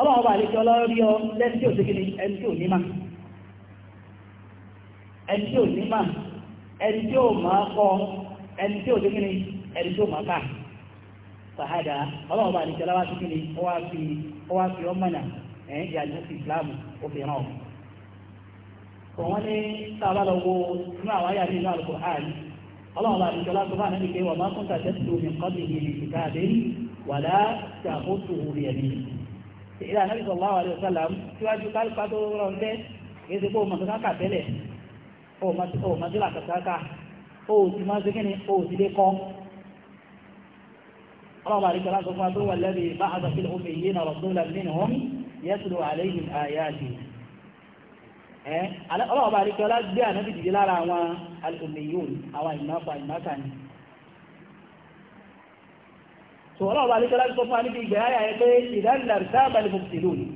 ọlọ́run bá nìkẹ́ ọlọ́rí ọ lẹ́ni tí ò sí kọ ọ kò wọ́n ní sábà lọ wo inú àwọn àyà nínú àlùkò ààyè ọlọ́run bá àdìjọ láti bá ànábì pé wà máa kún tàjẹ́ tó mi kọ́ bí ìrìn ìgbà àdéhì wà lá ṣàkó tó rí ẹ̀mí. ìlà ànábì sọ̀rọ̀ wà lè sọ̀lá síwájú kálífà tó rọ̀ ń tẹ́ kì í ṣe pé o mọ̀ káka tẹ́lẹ̀ o mọ̀ sí làkàkàkà o sì máa ṣe kíni o sì lè kọ́. ọlọ́run bá àdìjọ láti sọ fún wa tó wà lẹ́bi bá àgbàfin omi yìí nà rọ̀ ọlọ́ọ̀bá àríkẹ́ọlá gbé ànábì dìde lára àwọn alùmíyùn àwọn ìmọ̀ọ́fà ìmọ̀ọ́kà ni tó ọlọ́ọ̀bá àríkẹ́ọlá sọ fún àníbi ìgbẹ̀ ayà ẹ pé ìdánilàrí sáàbà lè fòkùtì lónìí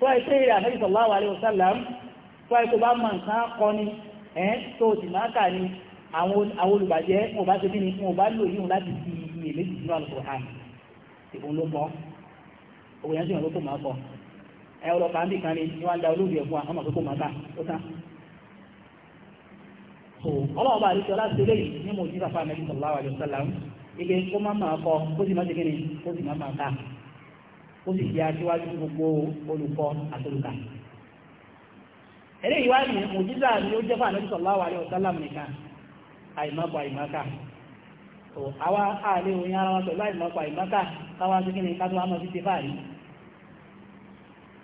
tó ẹ pé ìrìn ànábì sallallahu alaihi wasallam tó ẹ kó bá mọ̀ nǹkan kọ ni ẹ tó ti máa kà ni àwọn olùbàjẹ́ mo bá ṣe bí ni mo bá lò yíhun láti fi iye méjì nínú àlùkò hàn ìbùn ló mọ òwòyàn sì hàn ló tó máa kọ ẹ ọlọ́pàá ń bì kan ni ni wọ́n á da olóògbé ẹ̀fún àwọn àkókò màkà ó tán. ọlọ́wọ́ bá àdìsọ láti ṣe léyìí ní mo jí bàbá àmì sallallahu alaihi wasallam ike kó má máa kọ kó sì má ṣe kíni kó sì má máa ni ó jẹ́ fún àmì sallallahu alaihi wasallam nìkan àìmọ́kọ àìmọ́ká àwa àlè òyìn ara wọn pẹ̀lú àìmọ́kọ àìmọ́ká káwá sí kíni ká tó wá mọ́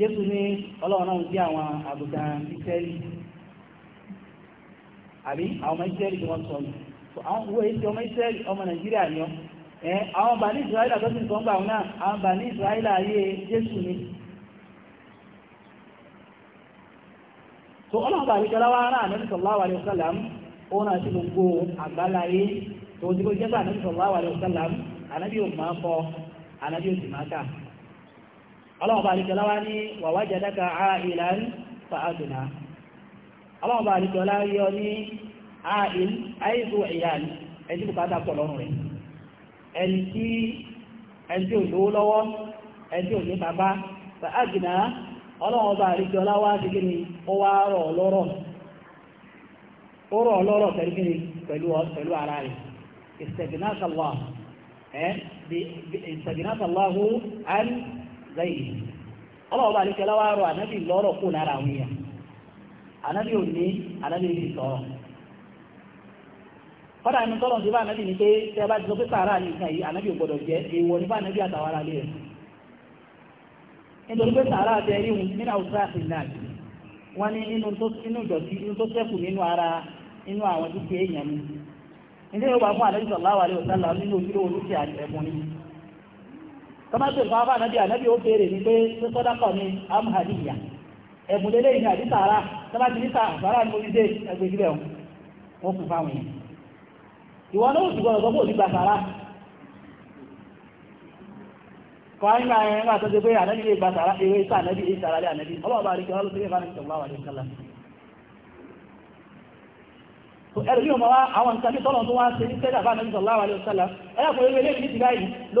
jésù ní ọlọ́run náà bí àwọn àgùntàn ìsẹ́lì àbí àwọn ọmọ ìsẹ́lì tí wọ́n sọ ní àwọn owó ọmọ ọmọ nàìjíríà ni tó ti sọ́ngbà wọn náà àwọn jésù so ọlọ́run bàbí jọlá wa rán ànábì sallallahu alaihi wasallam òun náà ti gbogbo àgbáláyé tó ti gbogbo jẹ́ pé ànábì sallallahu alaihi ọlọ́wọ́ bá alìkẹ́ láwá ní wàwájẹ́dáka àìlàn fa'adùnà ọlọ́wọ́ bá alìkẹ́ láyọ ní àìl àìzù ìyàn ẹni bukata pọ̀lọ́rùn rẹ̀ ẹni tí ò lówó lọ́wọ́ ẹni tí ò ní bàbá fa'adùnà ọlọ́wọ́ bá alìkẹ́ láwá ti gíní ó wá rọ̀ ọlọ́rọ̀ pẹ̀lú ara lẹ́yìn ọlọ́wọ́ bá alẹ́kẹ́ láwá rọ ànábì lọ́rọ̀ kó lára àwọn èèyàn ànábì ò ní ànábì ò ní sọ̀rọ̀ kọ́dà ní tọ́lọ̀ sí bá ànábì ní pé tẹ́ bá ti sọ pé sàárà ní yìí ànábì ò gbọ́dọ̀ jẹ́ èèwọ̀ ní bá ànábì nítorí pé sàárà tẹ rí wọn nínú àwùjọ àti ní ìdọ̀tí tó sẹ́kù nínú ara àwọn dúkìá èèyàn ilé fún nínú tọ́mátì ìfáfá ànábì Anabi ó na ní pé ṣé sọ́dákọ̀ ni amhadiya ẹ̀bùnlélẹ́ ìní àdí sàárà tọ́mátì ní sàárà ní oríṣẹ́ ẹgbẹ́ ìgbẹ́ wọn fún fáwọn yẹn ìwọ náà ó sì gbọ́dọ̀ sọ́kò òdìgbà sàárà kọ́ nígbà yẹn nígbà tó ṣe pé ànábì lè gba sàárà ewé sá ànábì lè sàárà lé ànábì ọlọ́wọ́ bá rí yóò máa àwọn nǹkan tí tọ́lọ̀ tó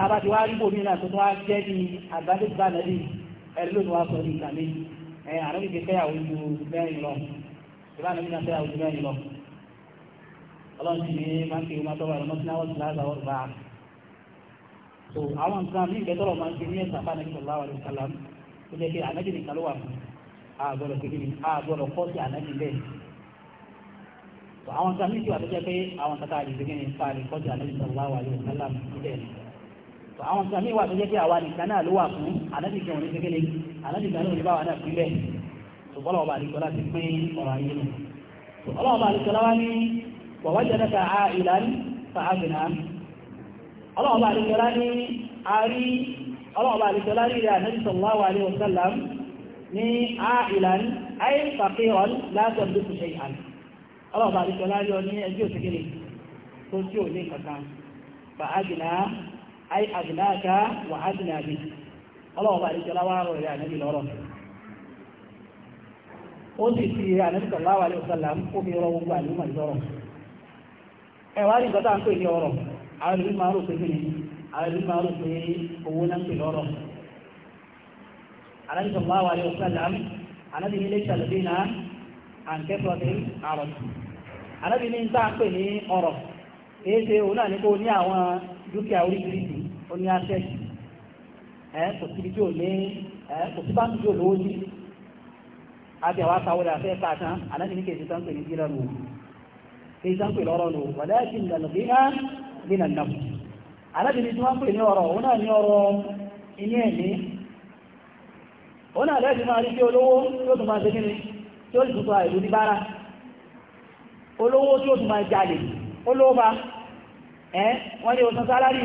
tàbá ti wá rí bòmí náà tó wá jẹ́ ní àgbádẹ́gbà nàbí ẹ̀lú wa sọ ní ìgbàmí ẹ̀ àrẹ́bí ti fẹ́ àwọn ojú mẹ́rin lọ ìbá nàbí náà fẹ́ àwọn ojú mẹ́rin lọ ọlọ́run ti ní máa ń kí ọmọ tọ́wọ́ ẹ̀rọ náà ti láàzà wọ́n bá so àwọn nǹkan ní ìgbẹ́ tọ́lọ̀ máa ń ṣe ní ẹ̀sà bá nàbí sọ̀lá wàlú sàlám tó jẹ́ pé ànábì nìkan ló wà fún àgbọ̀dọ̀ pé kíni àgbọ̀dọ̀ kọ́ sí ànábì bẹ́ẹ̀ àwọn nǹkan ní ìgbà tó jẹ́ pé àwọn nǹkan tá a lè ṣe kíni tá a lè kọ́ sí ànábì sọ̀lá àwọn nǹkan míì wà tó jẹ́ pé àwa nìkan náà ló wà fún ànábìkan òní kékeré ànábìkan náà ò ní bá wà náà pín bẹ́ẹ̀ ṣùgbọ́n ọba àdìsọ́lá ti pín ọ̀rọ̀ ayé nù ṣùgbọ́n ọba àdìsọ́lá ní a ìlànà fàáfìnà ọlọ́ọ̀bá rí rẹ̀ ànábìsọ̀láwà ní ọ̀sálàm ní a ìlànà ayé fàfihàn látọ̀ ṣe ìhàn ọlọ́ọ̀bá àdìsọ́lá rí ọ ní ẹgbẹ́ òṣèkèrè tó tí ò ní kankan fàáfìnà ay agnáka wà agnábi ọlọ́wọ́ bá àríkẹ́ láwárọ̀ rẹ̀ ànábì lọ́rọ̀ ó sì fi ànábì sallallahu alaihi wasallam ó fi rọ gbogbo àlúmọ̀ lọ́rọ̀ ẹwà rí nǹkan tá à ń pè ní ọrọ̀ àwọn ìlú máa rò pé kí ni àwọn ìlú máa rò pé owó náà ń pè lọ́rọ̀ ànábì sallallahu alaihi wasallam ànábì nílé ṣàlùbí náà àǹkẹ́sọ̀tì àrọ̀ ànábì ní ń tá ń pè ní ọrọ̀ èyí òun náà ní kó ní àwọn dúkìá oríṣiríṣi ó ní access ẹ kò síbi tí ò lé ẹ kò sí báńkì tí ò lówó sí àti àwọn akáwọlẹ̀ afẹ́ káàtán aláti ní kèsì sáńpẹ̀ ní gílẹ̀ nù kèsì sáńpẹ̀ lọ́rọ̀ nù wàlẹ́ àti ìlànàbí náà nínà nàbù aláti ní tí wọ́n pè ní ọ̀rọ̀ òun náà ní ọ̀rọ̀ inú ẹ̀mí òun náà lẹ́sìn máa rí pé olówó tí ó tún máa ṣe kíni tí ó sì tún àìlú ní bára olówó tí ó tún máa jalè olówó ba ẹ wọ́n ní oṣù sálárì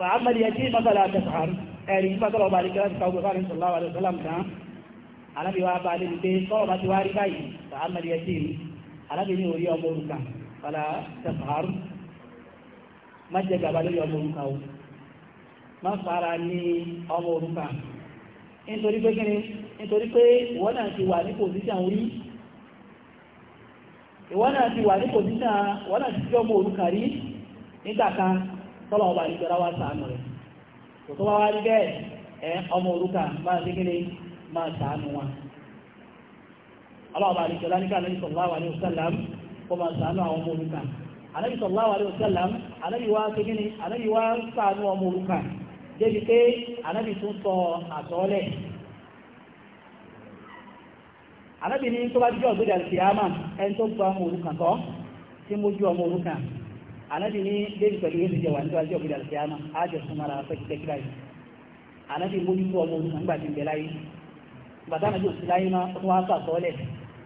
فأما اليتيم فلا تسحر ẹ̀rí pàtàkì ọba àríkẹ́ láti káwọ́ bá ní sallallahu alaihi wasallam tán alábi wa bá lẹ́nu pé sọ́ọ̀ bá ti wá rí báyìí fa'amma al-yatim alábi ní orí ọmọ orúkà fala tasghar má jẹ gàba lórí ọmọ orúkà o má fara ní ọmọ orúkà nítorí pé kíni nítorí pé ìwọ náà ti wà ní pòsíṣàn orí náà ti fi ọmọ orúkà rí kan tọ́lọ̀ ọba ìjọra wá sàánù rẹ̀ kò tó wá wá rí bẹ́ẹ̀ ẹ ọmọ òrukà máa ṣe kíni máa sàánù wọn ọlọ́ọ̀bà ìjọra ní káà lẹ́yìn sallallahu alaihi wasallam kó máa sàánù àwọn ọmọ òrukà àlẹ́yìn sallallahu alaihi wasallam àlẹ́yìn wá ṣe kíni àlẹ́yìn wá sàánù ọmọ òrukà débi pé àlẹ́yìn tún tó bá jẹ́ ọ̀gbẹ́dẹ̀ àti àmà ẹni tó gba ọmọ òrukà tọ́ tí mo ju ọmọ òrukà ànábì ní débi pẹ̀lú yóò ti jẹ wà níwájú ọ̀gbìn àti àmà á jẹ fún mara pẹ́kipẹ́kí báyìí ànábì mójútó ọmọ òun nígbà tí ń bẹ láyé bàtà ànábì òsì láyé má ó tún wá sọ àsọọ́lẹ̀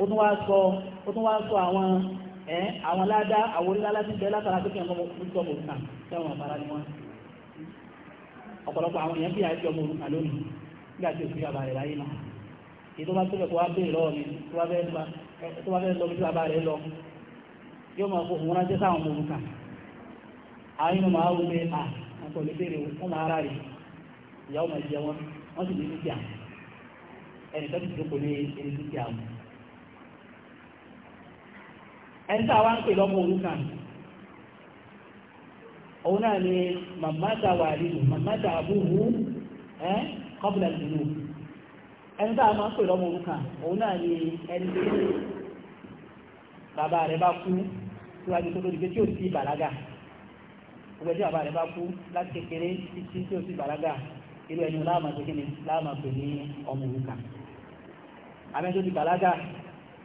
ó tún wá sọ ó tún wá sọ àwọn ẹ àwọn ládá àwọn orílẹ̀ aláti bẹ látara pé kí ọmọ mójútó ọmọ òun kà sẹ́wọ̀n àbára ni wọ́n ọ̀pọ̀lọpọ̀ àwọn èèyàn fìyà jọ ọmọ òun kà lónìí nígbà tí òsì bàbá láyé má èyí bá tó bẹ̀ kó wá bèèrè lọ́wọ́ mi tó bá fẹ́ lọ bí bàbá rẹ̀ lọ yóò máa fò òun ránṣẹ́ sáwọn ọmọ òun kà àwọn na máa wù à wọn kò wọn máa rà ìyàwó máa jẹ wọn wọn sì ní ẹni dúkìá wọn. ẹni tá a wá ń pè lọ́mọ òrukàn òun náà ni màmá ta wà nínú màmá ta àbúrú ẹ kọ́bùlà nínú ẹni tá a máa ọgbẹ́ tí bàbá rẹ̀ bá kú láti kékeré títí tí ó sì bàlágà irú ẹni láàmà pé kíni láàmà pè ní ọmọ òrukàn àmì tó ti bàlágà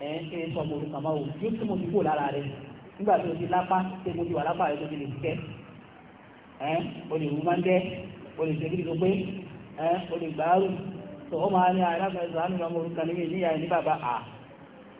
ẹ̀ ń ṣe ọmọ òrukàn máa wò yóò tún mo ti kó lára rẹ̀ nígbà tí o ti lápá tí mo ti wà lápá rẹ̀ tó ti lè kẹ́ ẹ̀ o lè wú máa ń dẹ́ o lè ṣègídì tó pé ẹ̀ o lè gbàárù tó o máa ní alágbèsè àánú ọmọ òrukàn níbi ìníyà ní bàbá à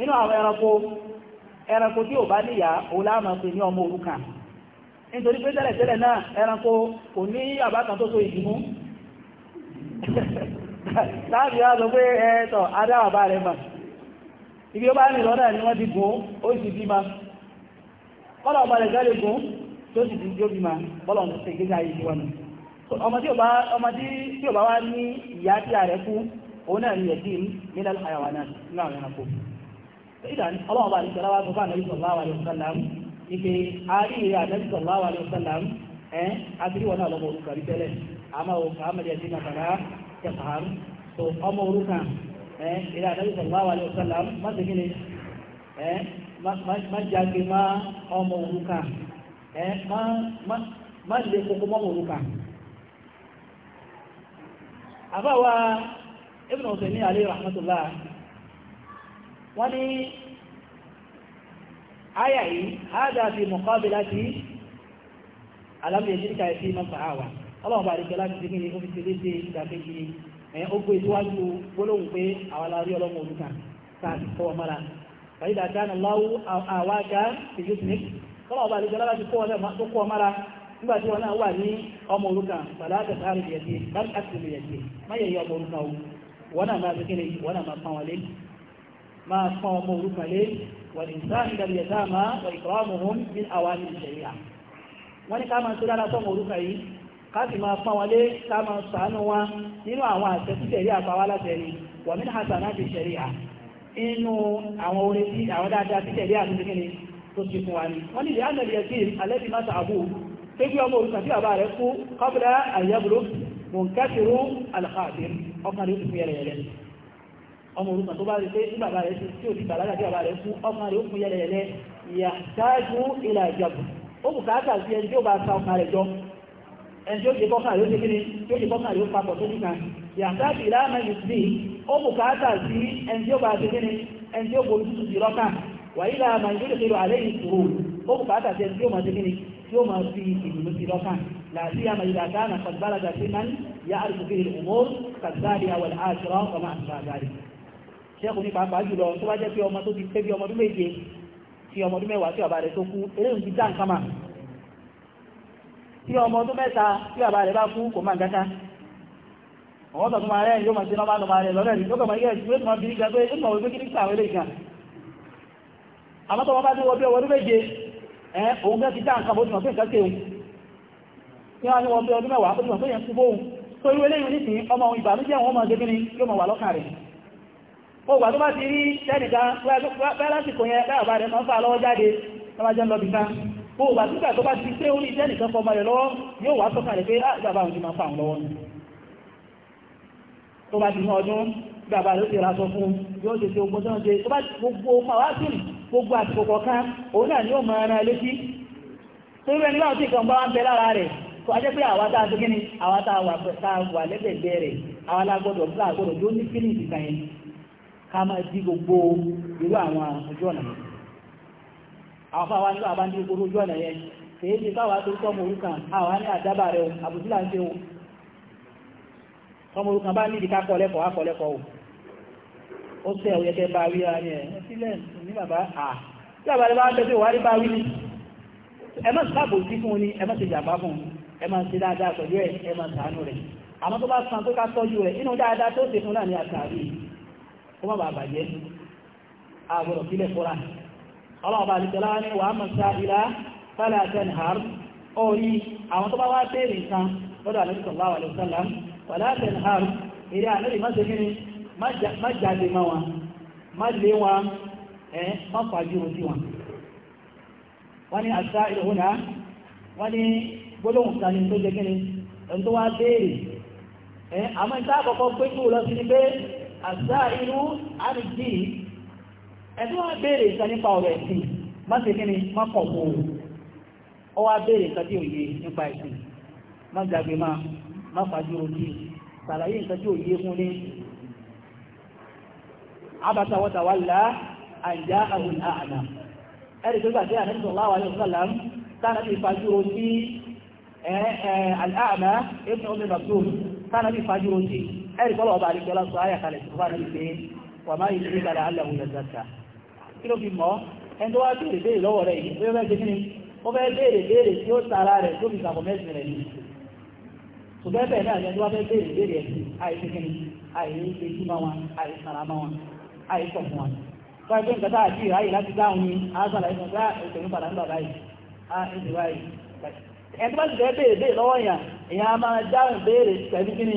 inú àwọn ẹranko ẹranko tí ò bá níyà òun láàmà pè ní ọmọ òrukàn nítorí pé tẹ́lẹ̀ tẹ́lẹ̀ náà ẹranko kò ní àbákan tó so ìdìmú láàbí á sọ pé ẹ̀ẹ́tọ̀ adáwàbá rẹ̀ mà ibi ó bá ní lọ́nà ni wọ́n ti gùn ó sì bí ma kọ́lọ̀ ọmọ rẹ̀ gẹ́lẹ̀ gùn tó sì ti jó bí ma bọ́lọ̀ ń ṣe gẹ́gẹ́ ayé wọn ọmọ tí ò bá wá ní ìyá tí a rẹ̀ kú òun náà ni àyàwó náà ìdáni ọlọ́run bá nìkan láwá gbọ́fà nàbí sallallahu alaihi ike àárín ànábì sallallahu alaihi wasallam ẹ̀ àti wọn náà lọ́mọ orúkọ rí tẹ́lẹ̀ àmà òkà àmàlẹ̀ ẹ̀dín náà kàrá kẹfàán tó ọmọ orúkọ ẹ̀ ìdá ànábì sallallahu alaihi wasallam wọ́n aya àyà yìí fi mọ̀kọ́bí láti alámìyànjú káyẹ̀ sí mọ́fà àwà ọlọ́run bá àdìgbẹ́ láti dín ní omi tẹ́lẹ̀ sí ìdàkejì ẹ̀ ó gbé síwájú gbólóhùn pé àwọn alárí ọlọ́run olùkà sáàtì fọwọ́ mọ́ra fàyídà dáná láwù àwájá tìjú tìní ọlọ́run bá àdìgbẹ́ láti fọwọ́ mọ́ra nígbà wana wọn náà wà ní ya máa pọ́n ọmọ òrukàn lé wọ̀lìsán ìdàbíyàtà máa wọ ìkọ̀ọ́mù hún ní àwọn àmì ìṣẹ̀yà wọ́n ní ká máa tó dára sọ́mọ òrukàn yìí ká sì máa pọ́n wọlé ká máa sàánú wọn nínú àwọn àṣẹ títẹ̀rí àpáwá látẹ̀rí wọ̀mí hasana ti ṣẹ̀rí à inú àwọn orin tí àwọn dáadáa títẹ̀rí àtúntìkíni tó ti fún wa ni wọ́n ní ìyá àgbẹ̀lẹ̀ yẹtí alẹ́bí má sàbù pé kí ọmọ òrukàn tí bàbá rẹ̀ kú kọ́bùdá àyẹ̀bùrú mọ̀nkẹ́sìrú alhàbí ọkàn rẹ̀ ó ti fún yẹlẹyẹlẹ ọmọ orúkọ tó bá rí pé tí bàbá rẹ̀ tí ò ti bàlágà tí bàbá rẹ̀ fún ọmọ rẹ̀ ó fún yẹlẹ yẹlẹ ìyà ṣáájú ìlà ìjàbù ó bù káàkà sí ẹni tí ó bá sa ọkà rẹ̀ jọ ẹni tí ó ṣe kọ́kà rẹ̀ ó ṣe kí ni tí ó ṣe kọ́kà rẹ̀ ó papọ̀ tó nìkan ìyà ṣáájú ìlà mẹ́rin sí ó bù káàkà sí ẹni tí ó bá ṣe kí ni ẹni tí ó borí tútù sí lọ́kà wàyí là máa ń gbé àlẹ́ fi ìdùnnú sí lọ́kà láti àmà ìlà kan àkàtúbálàgà sí máa ń yá àrùkù fi ìlú mọ́ àwọn àṣírọ́ ọmọ àṣírọ́ àgbáyé ṣẹ́kù ní pàápàá jùlọ tó bá jẹ́ pé ọmọ tó ti pé bí ọmọdún méje tí ọmọdún mẹ́wàá tí bàbá rẹ̀ tó kú eléyìí ti dáǹkà mà tí ọmọdún mẹ́ta tí bàbá rẹ̀ bá kú kò máa gata ọmọdún mẹ́wàá bó ti mọ̀ pé yẹn kú tó irú eléyìí nísìnyí ọmọ ìbànújẹ́ àwọn ọmọ ṣe yóò máa wà lọ́kàn ọgbà tó bá ti rí tẹ́nìkan pẹ́lásìkò yẹn láàbá rẹ̀ máa ń fà lọ́wọ́ jáde lọ́wọ́jẹ́ ń lọ bí ká ọgbà tó tó bá ti pé ó rí tẹ́nìkan fọmọ rẹ̀ lọ́wọ́ yóò wá sọ́kà rẹ̀ pé àgbàbà ah, òun ti máa fà ń lọ́wọ́ tó bá ti mọ́ ọdún gbàbà ló ti ra sọ fún yóò ṣe ṣe ogun tó ń ṣe tó bá gbogbo pàwásùn gbogbo àsìkò kọ̀ọ̀kan òun náà ni ó máa ran létí tó rẹ̀ nígbà tí tó ajẹ́ yóò ní fílì ìdìkan yẹn ká máa dí gbogbo irú àwọn ojú ọ̀nà yẹn àwọn fún àwọn nígbà bá ń dí gbogbo ojú ọ̀nà yẹn èyí ti káwà tó tọ́mọ orúkàn àwọn ní àdábà rẹ̀ àbùsí ń ṣe o tọ́mọ orúkàn bá nídìí ká kọ́lẹ́kọ̀ọ́ á kọ́lẹ́kọ̀ọ́ o ó tẹ́ ọ̀yẹ́ kẹ́ bá rí ara rẹ̀ sílẹ̀ ní bàbá à tí àbálẹ́ bá tẹ́ sí ìwárí bá rí ní ẹ má sábò sí fún ní ẹ má ti jàmbá fún ẹ má ti dáadáa pẹ̀lú ẹ ẹ má ṣàánú rẹ̀ àmọ́ tó bá san tó ká tọ́jú rẹ̀ inú dáadáa tó kó má bàa bàjẹ́ àgbọ̀dọ̀ sílẹ̀ fúra ọlọ́ọ̀bà àdìsọ́lá ní wàá mọ̀ sá ilá fálà ten har orí àwọn tó bá wá béèrè nǹkan lọ́dọ̀ àlẹ́ sọ̀lá wà lè sọ́lá fálà ten har eré àlẹ́ má ṣe kíni má jáde má wọn má lé wọn ẹ má fàájú ojú wọn wọ́n ní àṣà ìhùnà wọ́n ní àmọ́ ìta àkọ́kọ́ pé kí lọ sí ni pé àzá inú àrídì ẹni wọ́n bèèrè ìkan nípa ọ̀rọ̀ ẹ̀sìn má ṣe kí ni má kọ̀ kó o wá bèèrè ìkan tí ò yé nípa ẹ̀sìn má gbàgbé má má fàájú ojú sàlàyé ìkan tí fún ní abata àjá àwọn àná ẹ̀rì kọ́lọ̀ ọba àríkọ́lá sọ ayà kalẹ̀ tó bá ní pé wà máa yìí sí kalẹ̀ aláwọ̀ yẹ̀zàkà kí ló fi mọ́ ẹni tó wá béèrè béèrè lọ́wọ́ rẹ̀ yìí ó fẹ́ gíní ó fẹ́ béèrè béèrè tí ó tara rẹ̀ tó fi sàkọ̀ mẹ́sìn rẹ̀ ní àásàlà ah, ah, ti fẹ́ béèrè lọ́wọ́ yàn èèyàn á máa dáhùn béèrè pẹ̀lú kíni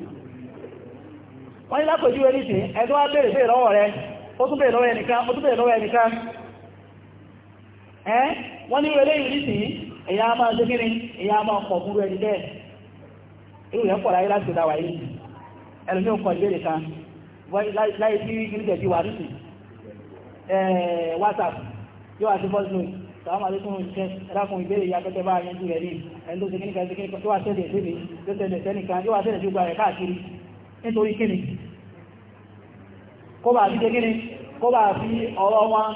wọ́n ní lápòjú ẹni sí ẹgbẹ́ wá bèèrè bèèrè lọ́wọ́ rẹ ó tún bèèrè lọ́wọ́ ẹnìkan ó tún bèèrè lọ́wọ́ ẹnìkan ẹ́ wọ́n ní ilé ìrí sí èyà máa ṣe kíni èyà máa pọ̀ búrú ẹni bẹ́ẹ̀ irú yẹn pọ̀ láyé láti dáwà yìí ẹlùmí ò kọ ìbéèrè kan láyé tí ìrìnjẹ̀ ti wà nìsí whatsapp yóò wá sí voice note sàwọn àlékún ìṣẹ́ ẹ̀dákun ìbéèrè ya tẹ́tẹ́ bá yanjú rẹ̀ ní ẹni tó ṣe kíníkà ṣe kíníkà tó wà tẹ́lẹ̀ sí mi tó tẹ́lẹ̀ sẹ́nìkan yóò wá tẹ́lẹ̀ sí gbà rẹ̀ káàkiri nítorí kíni kó bá fi kíni kó bá fi ọ̀rọ̀ wọn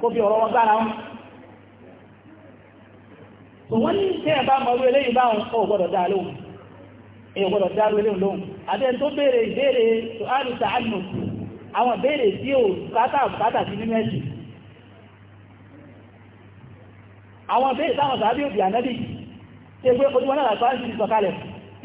kó fi ọ̀rọ̀ wọn gbára wọn so wọ́n ní tí ẹ̀bá mọ̀rú eléyìí báwọn ó gbọ́dọ̀ dá lóhùn èyí gbọ́dọ̀ dá lóhùn lóhùn àbẹ́ tó béèrè ìbéèrè tó àrùsà àdùnù àwọn béèrè tí ò bùkátà bùkátà sí nínú ẹ̀sìn àwọn béèrè táwọn sàábí òbí ànábì tí ẹgbẹ́ ojú wọn náà làtọ́ àti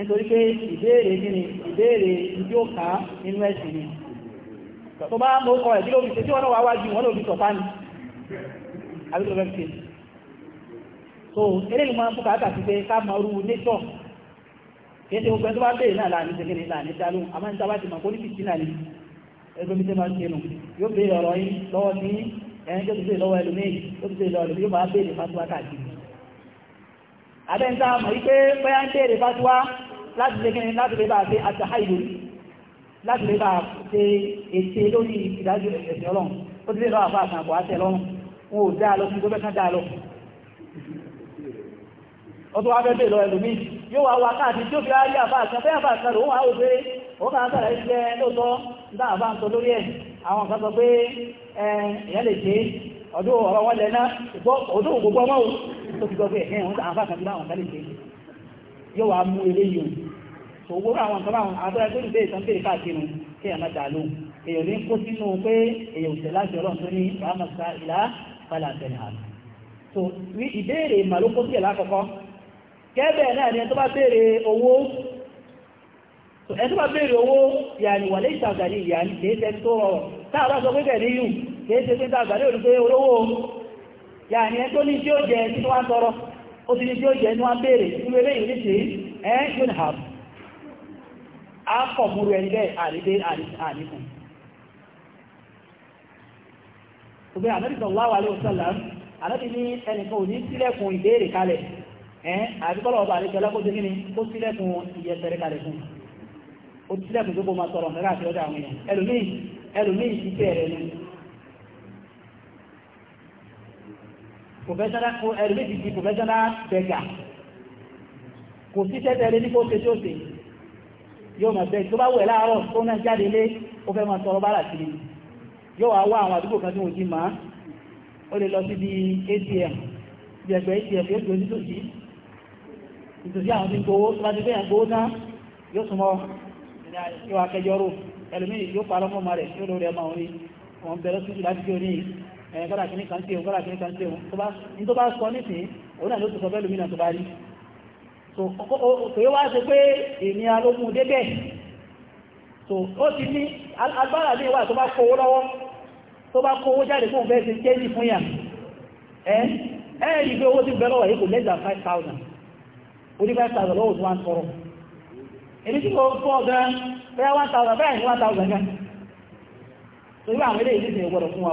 nítorí pé ìbéèrè gíní ìbéèrè ibi ó kàá nínú ẹ̀sìn ni tó bá mọ́ ọkọ̀ ẹ̀ tí ló fi ṣe tí wọ́n náà wá wájú wọ́n ló fi sọ̀tá ni àbíkò fẹ́ fi so eléyìí máa ń fún kàátà sí pé ká mọ orú nítọ̀ kéde ogun tó bá béèrè náà láàrin ṣe kéde láàrin dálú àmọ́ níta bá ti mọ̀ kólítì sí náà ni ẹgbẹ́ mi tẹ́ máa ń ṣe nù yóò béèrè ọ̀rọ̀ yín lọ́wọ́ sí ẹni tó ti béèrè lọ́wọ́ ẹlòmíì tó ti béèrè lọ́wọ́ ẹlòmíì yóò máa béèrè fásitì wákàtí àbẹ́ntà mọ̀ wípé pẹ́yà ń tèrè fásitì láti lè kẹ́ni láti lè bá ṣe àtàhàìlú láti lè bá ṣe ètè lórí ìdájú ẹ̀sìn ọlọ́run ó ti lè bá àfáà kan àpò àṣẹ lọ́rùn wọn ò dáa lọ sí gómẹ́ kan dáa lọ ó tó wá fẹ́ bèèrè ọdún ọ̀rọ̀ wọn lẹ́ná ìgbọ́ òdún ògbógbó ọmọ tó ti gbọ́gbẹ́ ẹ̀hẹ́ àwọn àfáà kan ti bá àwọn kan lè ṣe yóò wá mú eré yìí tó wó àwọn nǹkan báwọn àtọ́ra tó lè tán bèèrè káàkiri kí èèyàn máa dà lóhùn èèyàn ní kó sínú pé èèyàn òṣèlú láti ọlọ́run tó ní ramasa ìlà padà tẹ̀lé àná so ní ìbéèrè ìmàlókó sí ẹ̀lá kọ̀kọ́ kẹ́bẹ̀ náà ni ẹ tó bá béèrè owó so ẹ tó bá béèrè owó yàní wà lè ìtàgbà ní ìyàní kéèṣẹ́ tó rọrọ̀ táà bá sọ pé bẹ̀ níyù kéèṣẹ́ pé tàgbà yàní ẹ tó ní tí ó jẹ tí wọ́n tọrọ ó ti ní tí ó jẹ ní wọ́n béèrè nínú eré ìrìn sí ẹ́ yóò hà á kọ̀ múrú ẹni bẹ́ẹ̀ àrídé àríkùn ṣùgbọ́n ànábì sallallahu alaihi wasallam ànábì ní ẹnìkan ò ní sílẹ̀kùn ìbéèrè kalẹ̀ ẹ́ àbíkọ́lọ̀ ọba àríkẹ́ lọ́kọ́jẹ́ ó sílẹ̀kùn ìyẹsẹ̀rẹ́ tó kó máa sọ̀rọ̀ mẹ́rà àti ọjà àwọn èèyàn ẹlòmíì ẹlòmíì ìfẹ́ ni professional ẹ̀rùmí ti di professional beggar kò sí tẹ́tẹ́ lé ní kó ṣe tí ó ṣe yóò máa bẹ́ẹ̀ tó bá wẹ̀ láàárọ̀ tó náà jáde lé ó fẹ́ máa tọrọ bára kiri yóò wá wá àwọn àdúgbò kan tí wọ́n ti máa ó lè lọ sí bí atm bí ẹgbẹ́ atm yóò tó nítòsí ìtòsí àwọn tí ń gbowó tó bá ti fẹ́yàn gbowó náà yóò súnmọ́ yóò akẹjọ́rò ẹlòmíì yóò parọ́ fún ọmọ rẹ̀ yóò lórí ọmọ òní wọn bẹ̀rẹ̀ sí láti fi òní gbọ́dà eh, kìíní kan tí òun kìíní kan tí òun tó bá sọ nísìn òun náà ló sọ tó bá rí so kò wá ṣe pé ènìyàn ló mú so ó ti ní agbára lè wà tó bá kówó lọ́wọ́ tó bá kówó jáde fún òun fẹ́ ṣe kéjì fún yà ẹ́ pé owó ti less than five lọ́wọ́ tó wá ń tí kò fọ́ gan wa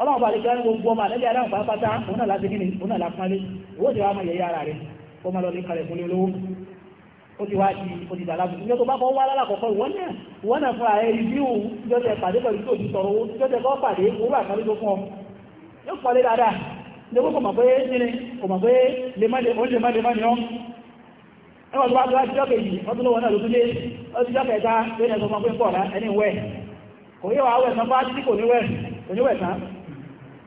ọlọ́run bá lè jẹ́ gbogbo ọmọ àlẹ́bí adáhùn pátápátá òun náà láti gíní òun náà lápánlé owó ti wá mọ ìyẹ̀yẹ́ ara rẹ̀ ó máa lọ ní kalẹ̀ fún olówó ó ti wá di òdìdà aláàbò ìjọ tó bá kọ́ wá lálàkọ̀ọ́kọ́ ìwọ́n náà ìwọ́n náà fún ààrẹ ibi òun ìjọ tẹ pàdé pẹ̀lú tó ti sọ̀rọ̀ owó ìjọ tẹ kọ́ pàdé owó àkàlù tó fún ọ yóò pọ̀ lé dáadáa ní owó kò mọ̀ pé nílé kò mọ̀ pé lemọ́lemọ́ ni ọ́ ẹwọ́n tó bá tó láti jọ́kẹ̀ yìí ọdún lọ́wọ́ náà ló tún lé ọdún jọ́kẹ̀ ẹ̀ta lónìí ẹ̀sọ́ fún pé ń pọ̀ lá ẹni wẹ̀ kò yíwa awẹ̀ sọ bá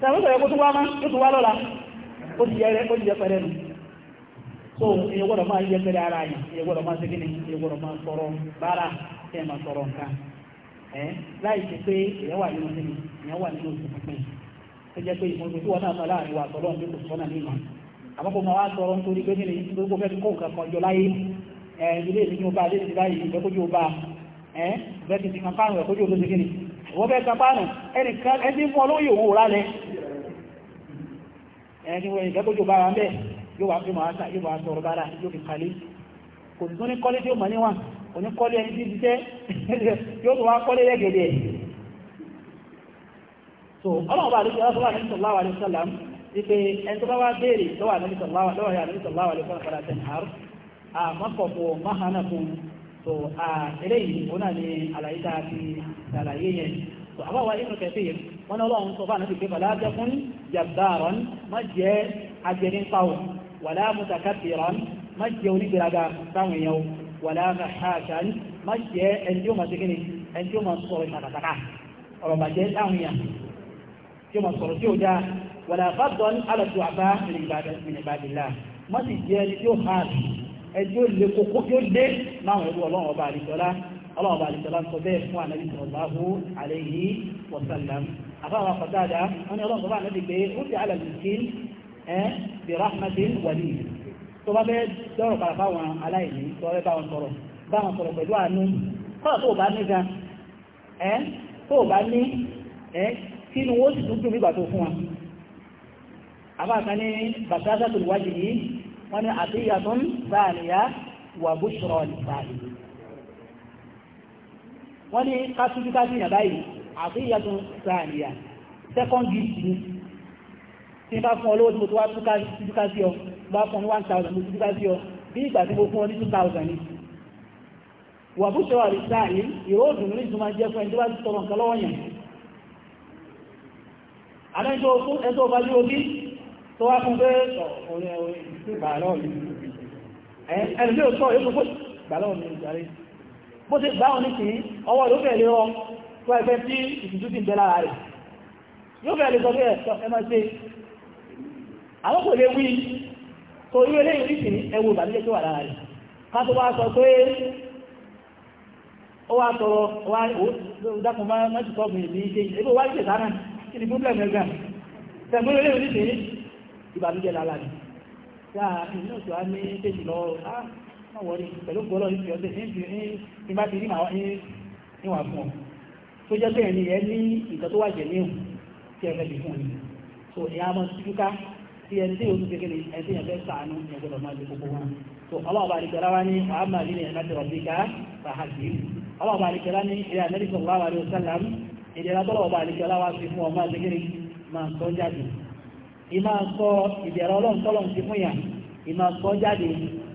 tẹ̀wọ́sọ̀ ẹ̀kọ́ tó wá má tó wá lọ́la ó ti yẹrẹ ó ti yẹ pẹ̀rẹ̀ nù so èyí gbọ́dọ̀ máa yẹ pẹ̀rẹ̀ ara yìí èyí gbọ́dọ̀ máa segin ní èyí gbọ́dọ̀ máa sọ̀rọ̀ bára ẹ̀ máa sọ̀rọ̀ nǹkan ẹ̀ láì ṣe pé èyí wà nínú sínú èyí wà nínú òsì pípín ó jẹ́ pé ìmọ̀tò tí wọ́n náà sọ láàrin wa sọ̀rọ̀ ní òṣùwọ́n náà nínú àmọ́kò máa wá sọ̀rọ̀ nítorí pé nínú ìlú gbogbo fẹ́ẹ́ kó nǹkan kan jọ láyé ẹ̀ ilé ìlú ọba ilé ìlú báyìí ìgbẹ́kójú ọba ẹ̀ bẹ́ẹ̀ ti ti kan fáànù ẹ̀kójú olóṣèlú ìwọ́n fẹ́ẹ́ kan fáànù ẹnì kan ẹni fún ọ lóyè rálẹ̀ ẹni wọ́n ìfẹ́ kójú bá wa ń bẹ̀ yóò wá fi máa yóò máa sọ̀rọ̀ bára yóò fi kàlí kò sí tó ní kọ́lé tí ó mọ̀ níwọ̀n kò ní kọ́lé ẹni tí ṣiṣẹ́ yóò tó wá kọ́lé lẹ́gẹ̀dẹ̀ so ọlọ́run bá àdúgbò ọlọ́run wà ní sallallahu alaihi wasallam wípé ẹni tó bá wá béèrè lọ́wọ́ àdúgbò lọ́wọ́ àdúgbò sallallahu alaihi wasallam padà tẹ̀lé àárọ̀ àmọ́kọ̀ọ̀kọ̀ máhànà fún so eléyìí òun náà ni àlàyé tá a fi ṣàlàyé yẹn àbá wa inú kẹfẹ́ yìí wọ́n ní ọlọ́run sọ fáànà pípẹ́ bàlá jẹ́ fún jabbaron má jẹ́ ajẹ́nípawò wàlá mutakabbiran má jẹ́ onígbèraga táwọn èèyàn wàlá mahashan má jẹ́ ẹni tí ó máa ṣe kíni ẹni tí ó máa sọ̀rọ̀ ìtàkàtàkà ọ̀rọ̀ bàjẹ́ táwọn èèyàn tí ó máa má jẹ́ ẹni tí ó ọlọ́ọ̀bà àlìsọ́lá sọ bẹ́ẹ̀ fún ànábì sallallahu alayhi wa sallam àfáwà kọ̀dáadà wọ́n ní ọlọ́ọ̀bà ànábì pé ó ti àlà miskin ẹ́ bí rahmatin wàlí tó bá bẹ́ẹ̀ dọ́rọ̀ padà fáwọn aláìní tó bá bá wọn sọ̀rọ̀ bá wọn sọ̀rọ̀ pẹ̀lú àánú kọ́ tó bá ní gan ẹ́ tó bá ní ẹ́ kí ni wọ́n sì tún dùn nígbà tó fún wọn àbáka ní bàtásà tó wájì yìí wọ́n ní àtìyàtún báàlìyà wà búṣọ̀rọ̀ nìbàlìyà wọ́n ní kásújú kájúyàn báyìí àfíyàtún sáàlìyà second gift ni tí bá fún ọlọ́wọ́ tí mo tó wá tújú kájú ọ bá fún 1000 mo tújú kájú ọ bí ìgbà tí mo fún ọ ní 2000 ni wà bú ṣe wà rí sáàlì ìró òdùnú ní ìtumá jẹ́ fún ẹni tó bá tọrọ nǹkan lọ́wọ́ yẹn àmọ́ ẹni tó bá jú omi tó wá fún pé ọ̀rẹ́ ọ̀rẹ́ ìgbà lọ́ọ̀ bó ṣe gbá òní sí ọwọ́ yóò fẹ́ lé ọ tó ẹgbẹ́ tí ìtìjú ti ń bẹ lára rẹ̀ yóò fẹ́ lè sọ pé ẹ̀sọ́ ẹ ṣe àwọn kò lè wí tó olé eléyìí ní sí ìbàdílé tó wà lára rẹ̀ ká wá sọ pé ó wá problem náà wọ́n rí pẹ̀lú gbọ́lọ́ ìfẹ́ ọdẹ ní bá ti rí màá níwà fún ọ tó jẹ́ pé ẹni yẹn ní nǹkan tó wà jẹ̀ níhùn tí ẹ fẹ́ fi fún ọ so ìyá ọmọ túká tí ẹni tí oṣù kékeré ẹni tí yẹn fẹ́ sàánú ní ẹgbẹ́ ọmọ ẹgbẹ́ gbogbo wọn so ọlọ́ọ̀bà àdìgbẹ́lá wa ní wàhálà ní ẹ̀yẹ láti rọ̀ bíkà fàhàjì ọlọ́ọ̀bà àdìgbẹ́lá ní ilé Ànábì sallallahu alaihi wasallam ìdẹ̀ra tọ́lọ̀ọ̀bà àdìgbẹ́lá wa fi fún ọmọ ẹgbẹ́ máa ń sọ jáde ìmáa sọ ìdẹ̀ra ọlọ́run tọ́lọ̀ ti fún yà ìmáa sọ jáde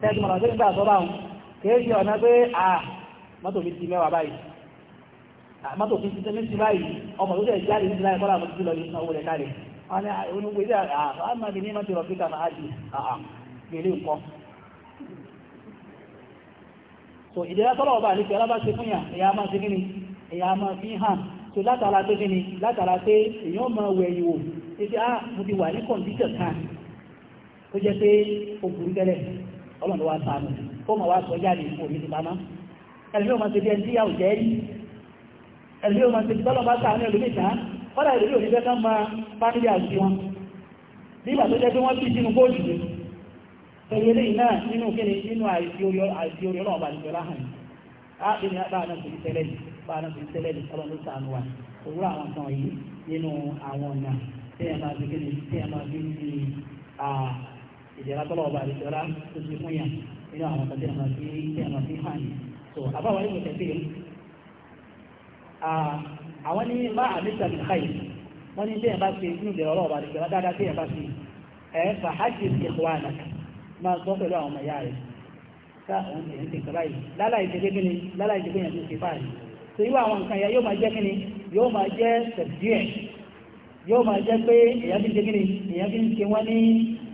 tẹ́tí mọ̀nà tó ń gbà sọ́bà wọn kìí ṣe ọ̀nà pé à mọ́tò mi ti mẹ́wàá báyìí mọ́tò mi ti tẹ́lẹ̀ ti báyìí ọmọ tó tẹ̀ jáde nígbà ẹ̀kọ́ làwọn ti lọ ní sanwó rẹ̀ kárẹ̀ wọn ni onígbò ilé àmà mi so ìdílé tọ́lọ̀ ọba àlejò alábà ṣe fún yà èyà máa ṣe kíni èyà máa fi hàn so látara pé kíni látara pé èèyàn máa wẹ̀ yìí wò ṣe ti ah mo ti wà ní kọ̀ǹdíṣọ̀ kan tó jẹ́ pé ó tẹ́lẹ̀ ọlọ́run ló wá sànù kó mọ̀ wá sọ jáde ìfò mi ti pamọ́ ẹlòmí ò máa ṣe bí ẹni tí yà ò jẹ́ rí ẹlòmí ò máa ṣe bí tọ́lọ́ bá sànù ẹlòmí ìtàn kọ́dà ẹlòmí ò ní fẹ́ kán máa fámílì àti ni pẹ̀lú eléyìí náà nínú kíni nínú àìsí orí ọlọ́run bá nìjọ láhàn á bí ní bá náà sòrí tẹ́lẹ̀ bá ìdẹ̀ra tọ́lọ̀ ọba àdìsọ́lá tó ti fún yàn nínú àwọn ọ̀tọ̀ tí a máa fi tí a máa fi hàn yìí so àbáwọ̀ ẹ̀kọ́ tẹ̀sí ah, àwọn ní má àmìta mi káyì wọ́n ní tí a bá ṣe inú ìdẹ̀ra ọba àdìsọ́lá dáadáa tí a bá ṣe ẹ̀ fàájì ìwà àdàkà máa sọ pẹ̀lú àwọn ọmọ ìyá rẹ̀ ká òun ti ń tẹ̀kọ́ báyìí láláì ṣe kékeré láláì ṣe kékeré ṣe báyìí so irú àwọn nǹkan yẹn yóò máa jẹ́ kíni yóò máa jẹ́ sẹ̀díẹ̀ yóò máa jẹ́ pé èèyàn fi ń ṣe kíni èèyàn fi ń ṣe wọ́n ní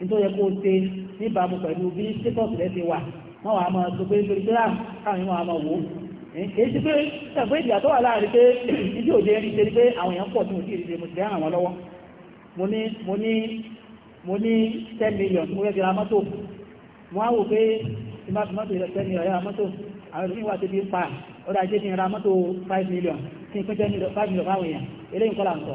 nítorí yẹ kó o ṣe níbàámu pẹ̀lú bí status rẹ ti wà wọ́n wàá máa sọ pé lórí gíláà ah, káwọn èèyàn wàá máa wò ó èyí ti pé ṣàgbé ìdìyà tó láàrin pé ìdí òde ẹni ṣe ni pé àwọn èèyàn pọ̀ tí mo sì mo sì rán àwọn lọ́wọ́ mo ní mo ní mo ní ten million mo fẹ́ fi ra mọ́tò mo á wò pé tí má fi mọ́tò yẹ ten million yẹ ra mọ́tò àwọn ìlú wa ti fi ń pa ọ̀dà jẹ́ kí ra mọ́tò five million kí n pín ten million five million fáwọn èèyàn eléyìí kọ́ là ń sọ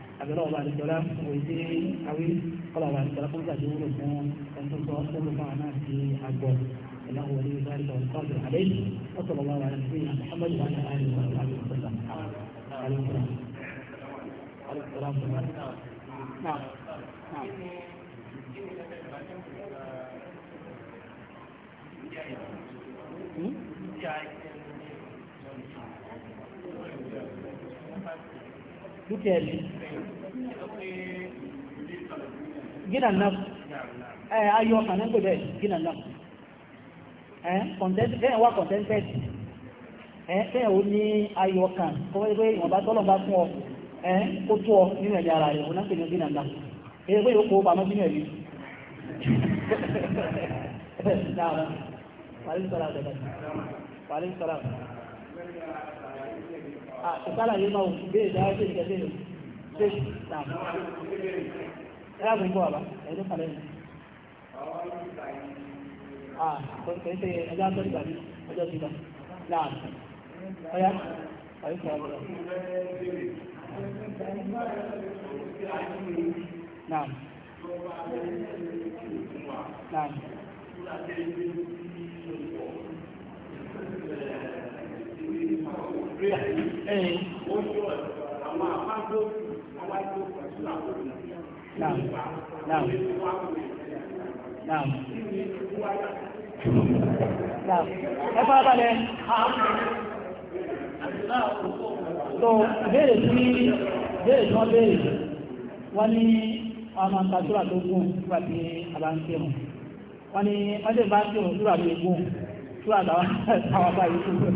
àbẹ̀lẹ̀ ọba àdìjọ́lá òwe tí awé kọ́lá ọba àdìjọ́lá fún ìgbà tí wúlò fún ẹni tó sọ fún náà sí àgbọ̀ ìlànà wọlé ìgbàlejò ọ̀tọ́jú àlẹ́ ọ̀tọ̀lọ́ wa rẹ̀ sí Muhammadu wa náà àlè wa dukiyar shi eh ayo kanan gude ginan nan eh content eh wa content eh ayo kan ko we wọ́n bá tolo bá fún ọ ọ ara rẹ̀ ona kini ginan nan eh we o ko ba mo nínú àtìsálà yìí máa wùn bẹ́ẹ̀ dáwọ́ sí ìjẹ́ bẹ́ẹ̀ ṣe ìsàmù ẹ̀rọ ìbọ̀ àbá ẹ̀dọ́ kalẹ̀ ní. àkọsẹ̀ ṣe prayer ẹ fara balẹ̀ so béèrè tí béèrè tí wọ́n béèrè wọ́n ní ọmọ àtàtúrà tó gùn nígbà tí a bá ń kírun wọ́n ní ọdún bá ń kírun túrà tó gùn túrà táwọn báyìí tó gùn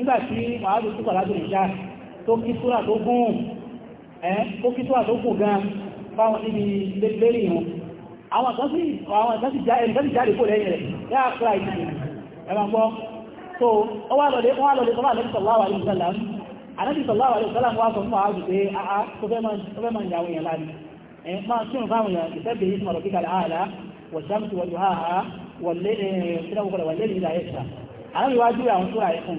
nígbà tí màálù tó pàlájò ìjà tó kí súrà tó gùn ẹ́ tó kí súrà tó gùn gan báwọn níbi lérí wọn àwọn kan sì àwọn kan sì jáde kó lẹ́yìn rẹ̀ yá àkúrà ìdìbò ẹ máa gbọ́ so ó wá lọ́dẹ wọ́n lọ́dẹ tó bá lọ́dẹ sallallahu alaihi wasallam ànábì sallallahu alaihi wasallam wá sọ fún àwọn àjùgbé àá tó fẹ́ máa ń yàwó yẹn láàrin ẹ máa kírun fáwọn yàn ìfẹ́bẹ̀ yìí sọ̀rọ̀ kíkà láàrá wọ̀ṣámsì wọ̀lú háà wọ̀lé ìdáwọ́kọ̀lẹ̀ wọ̀lé ìdáyẹ̀ṣà ànábì wá júwe àwọn súra ẹ̀kùn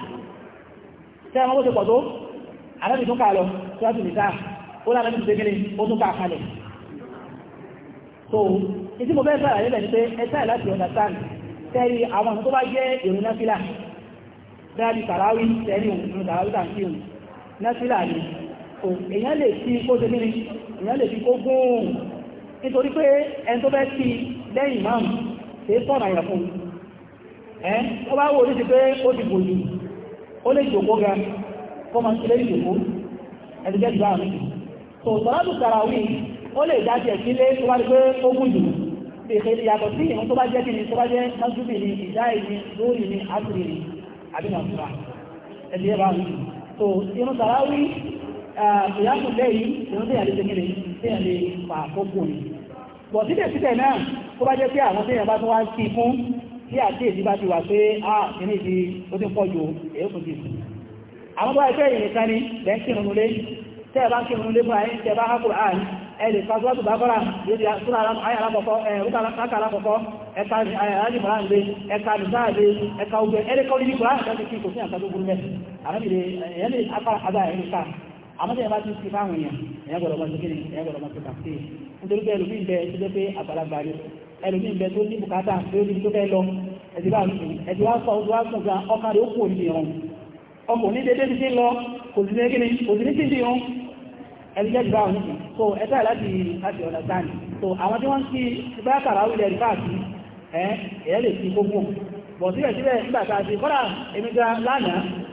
tẹ́ ọmọ bó ṣe pọ̀ tó àrẹ́bì tún kà lọ tí wọ́n ti lè sáà ó lára níbi ṣégele ó tún kà kalẹ̀ so ìdí mo fẹ́ sára níbẹ̀ ni pé ẹ sáà láti understand tẹ́rí àwọn ọ̀nà tó bá jẹ́ ìrún náfìlà dáàbí tàràwí tẹ́rí òun tàràwí tàǹkì òun náfìlà ni so èèyàn lè fi kó ṣe kíni èèyàn lè fi kó gún nítorí pé ẹni tó fẹ́ kí lẹ́yìn máàmù ṣe é sọ̀rọ̀ ó lè jòkó ga kó máa ṣe lórí jòkó ẹ̀dùgẹ́ ìgbà mi so sọ́látù tàràwí ó lè dájú ẹ̀ sílé tó bá rí pé ó gùn jù lè ṣe yàtọ̀ sí ìrún tó bá jẹ́ kí ni tó bá jẹ́ mọ́júbì ni ìdá ìní lórí ni àbúrò ni àbínàfúra ẹ̀dì ẹ̀bá mi so irun tàràwí ìyàtù lẹ́yìn irun tó yà lè tẹ́kẹ́lẹ̀ tí yà lè fà àkókò ni bọ̀ síbẹ̀síbẹ̀ náà tó bá jẹ́ pé àwọn tó yà bá tó wá sí fún tí àkíyèsí bá ti wà pé a ah, kìíní ti ó ti pọ̀ jù èékùn ti àwọn bá ẹgbẹ́ ìrìn kan ní lẹ́ ń kírun fún bá bá bọ́ra ẹ̀rùkà alákọ̀ọ́kọ́ ẹlòmí ìbẹ tó ní bùkátà lórí tó fẹ́ lọ ẹ̀dìwá ẹ̀dìwá sọ ó kò ní ìrùn so ẹ̀ta láti láti ọ̀nà sáà so àwọn tí wọ́n ti bá kàrà wílẹ̀ rí káàkiri ẹ̀ ẹ̀ lè fi gbogbo bọ̀ síbẹ̀síbẹ̀ nígbà tá a ti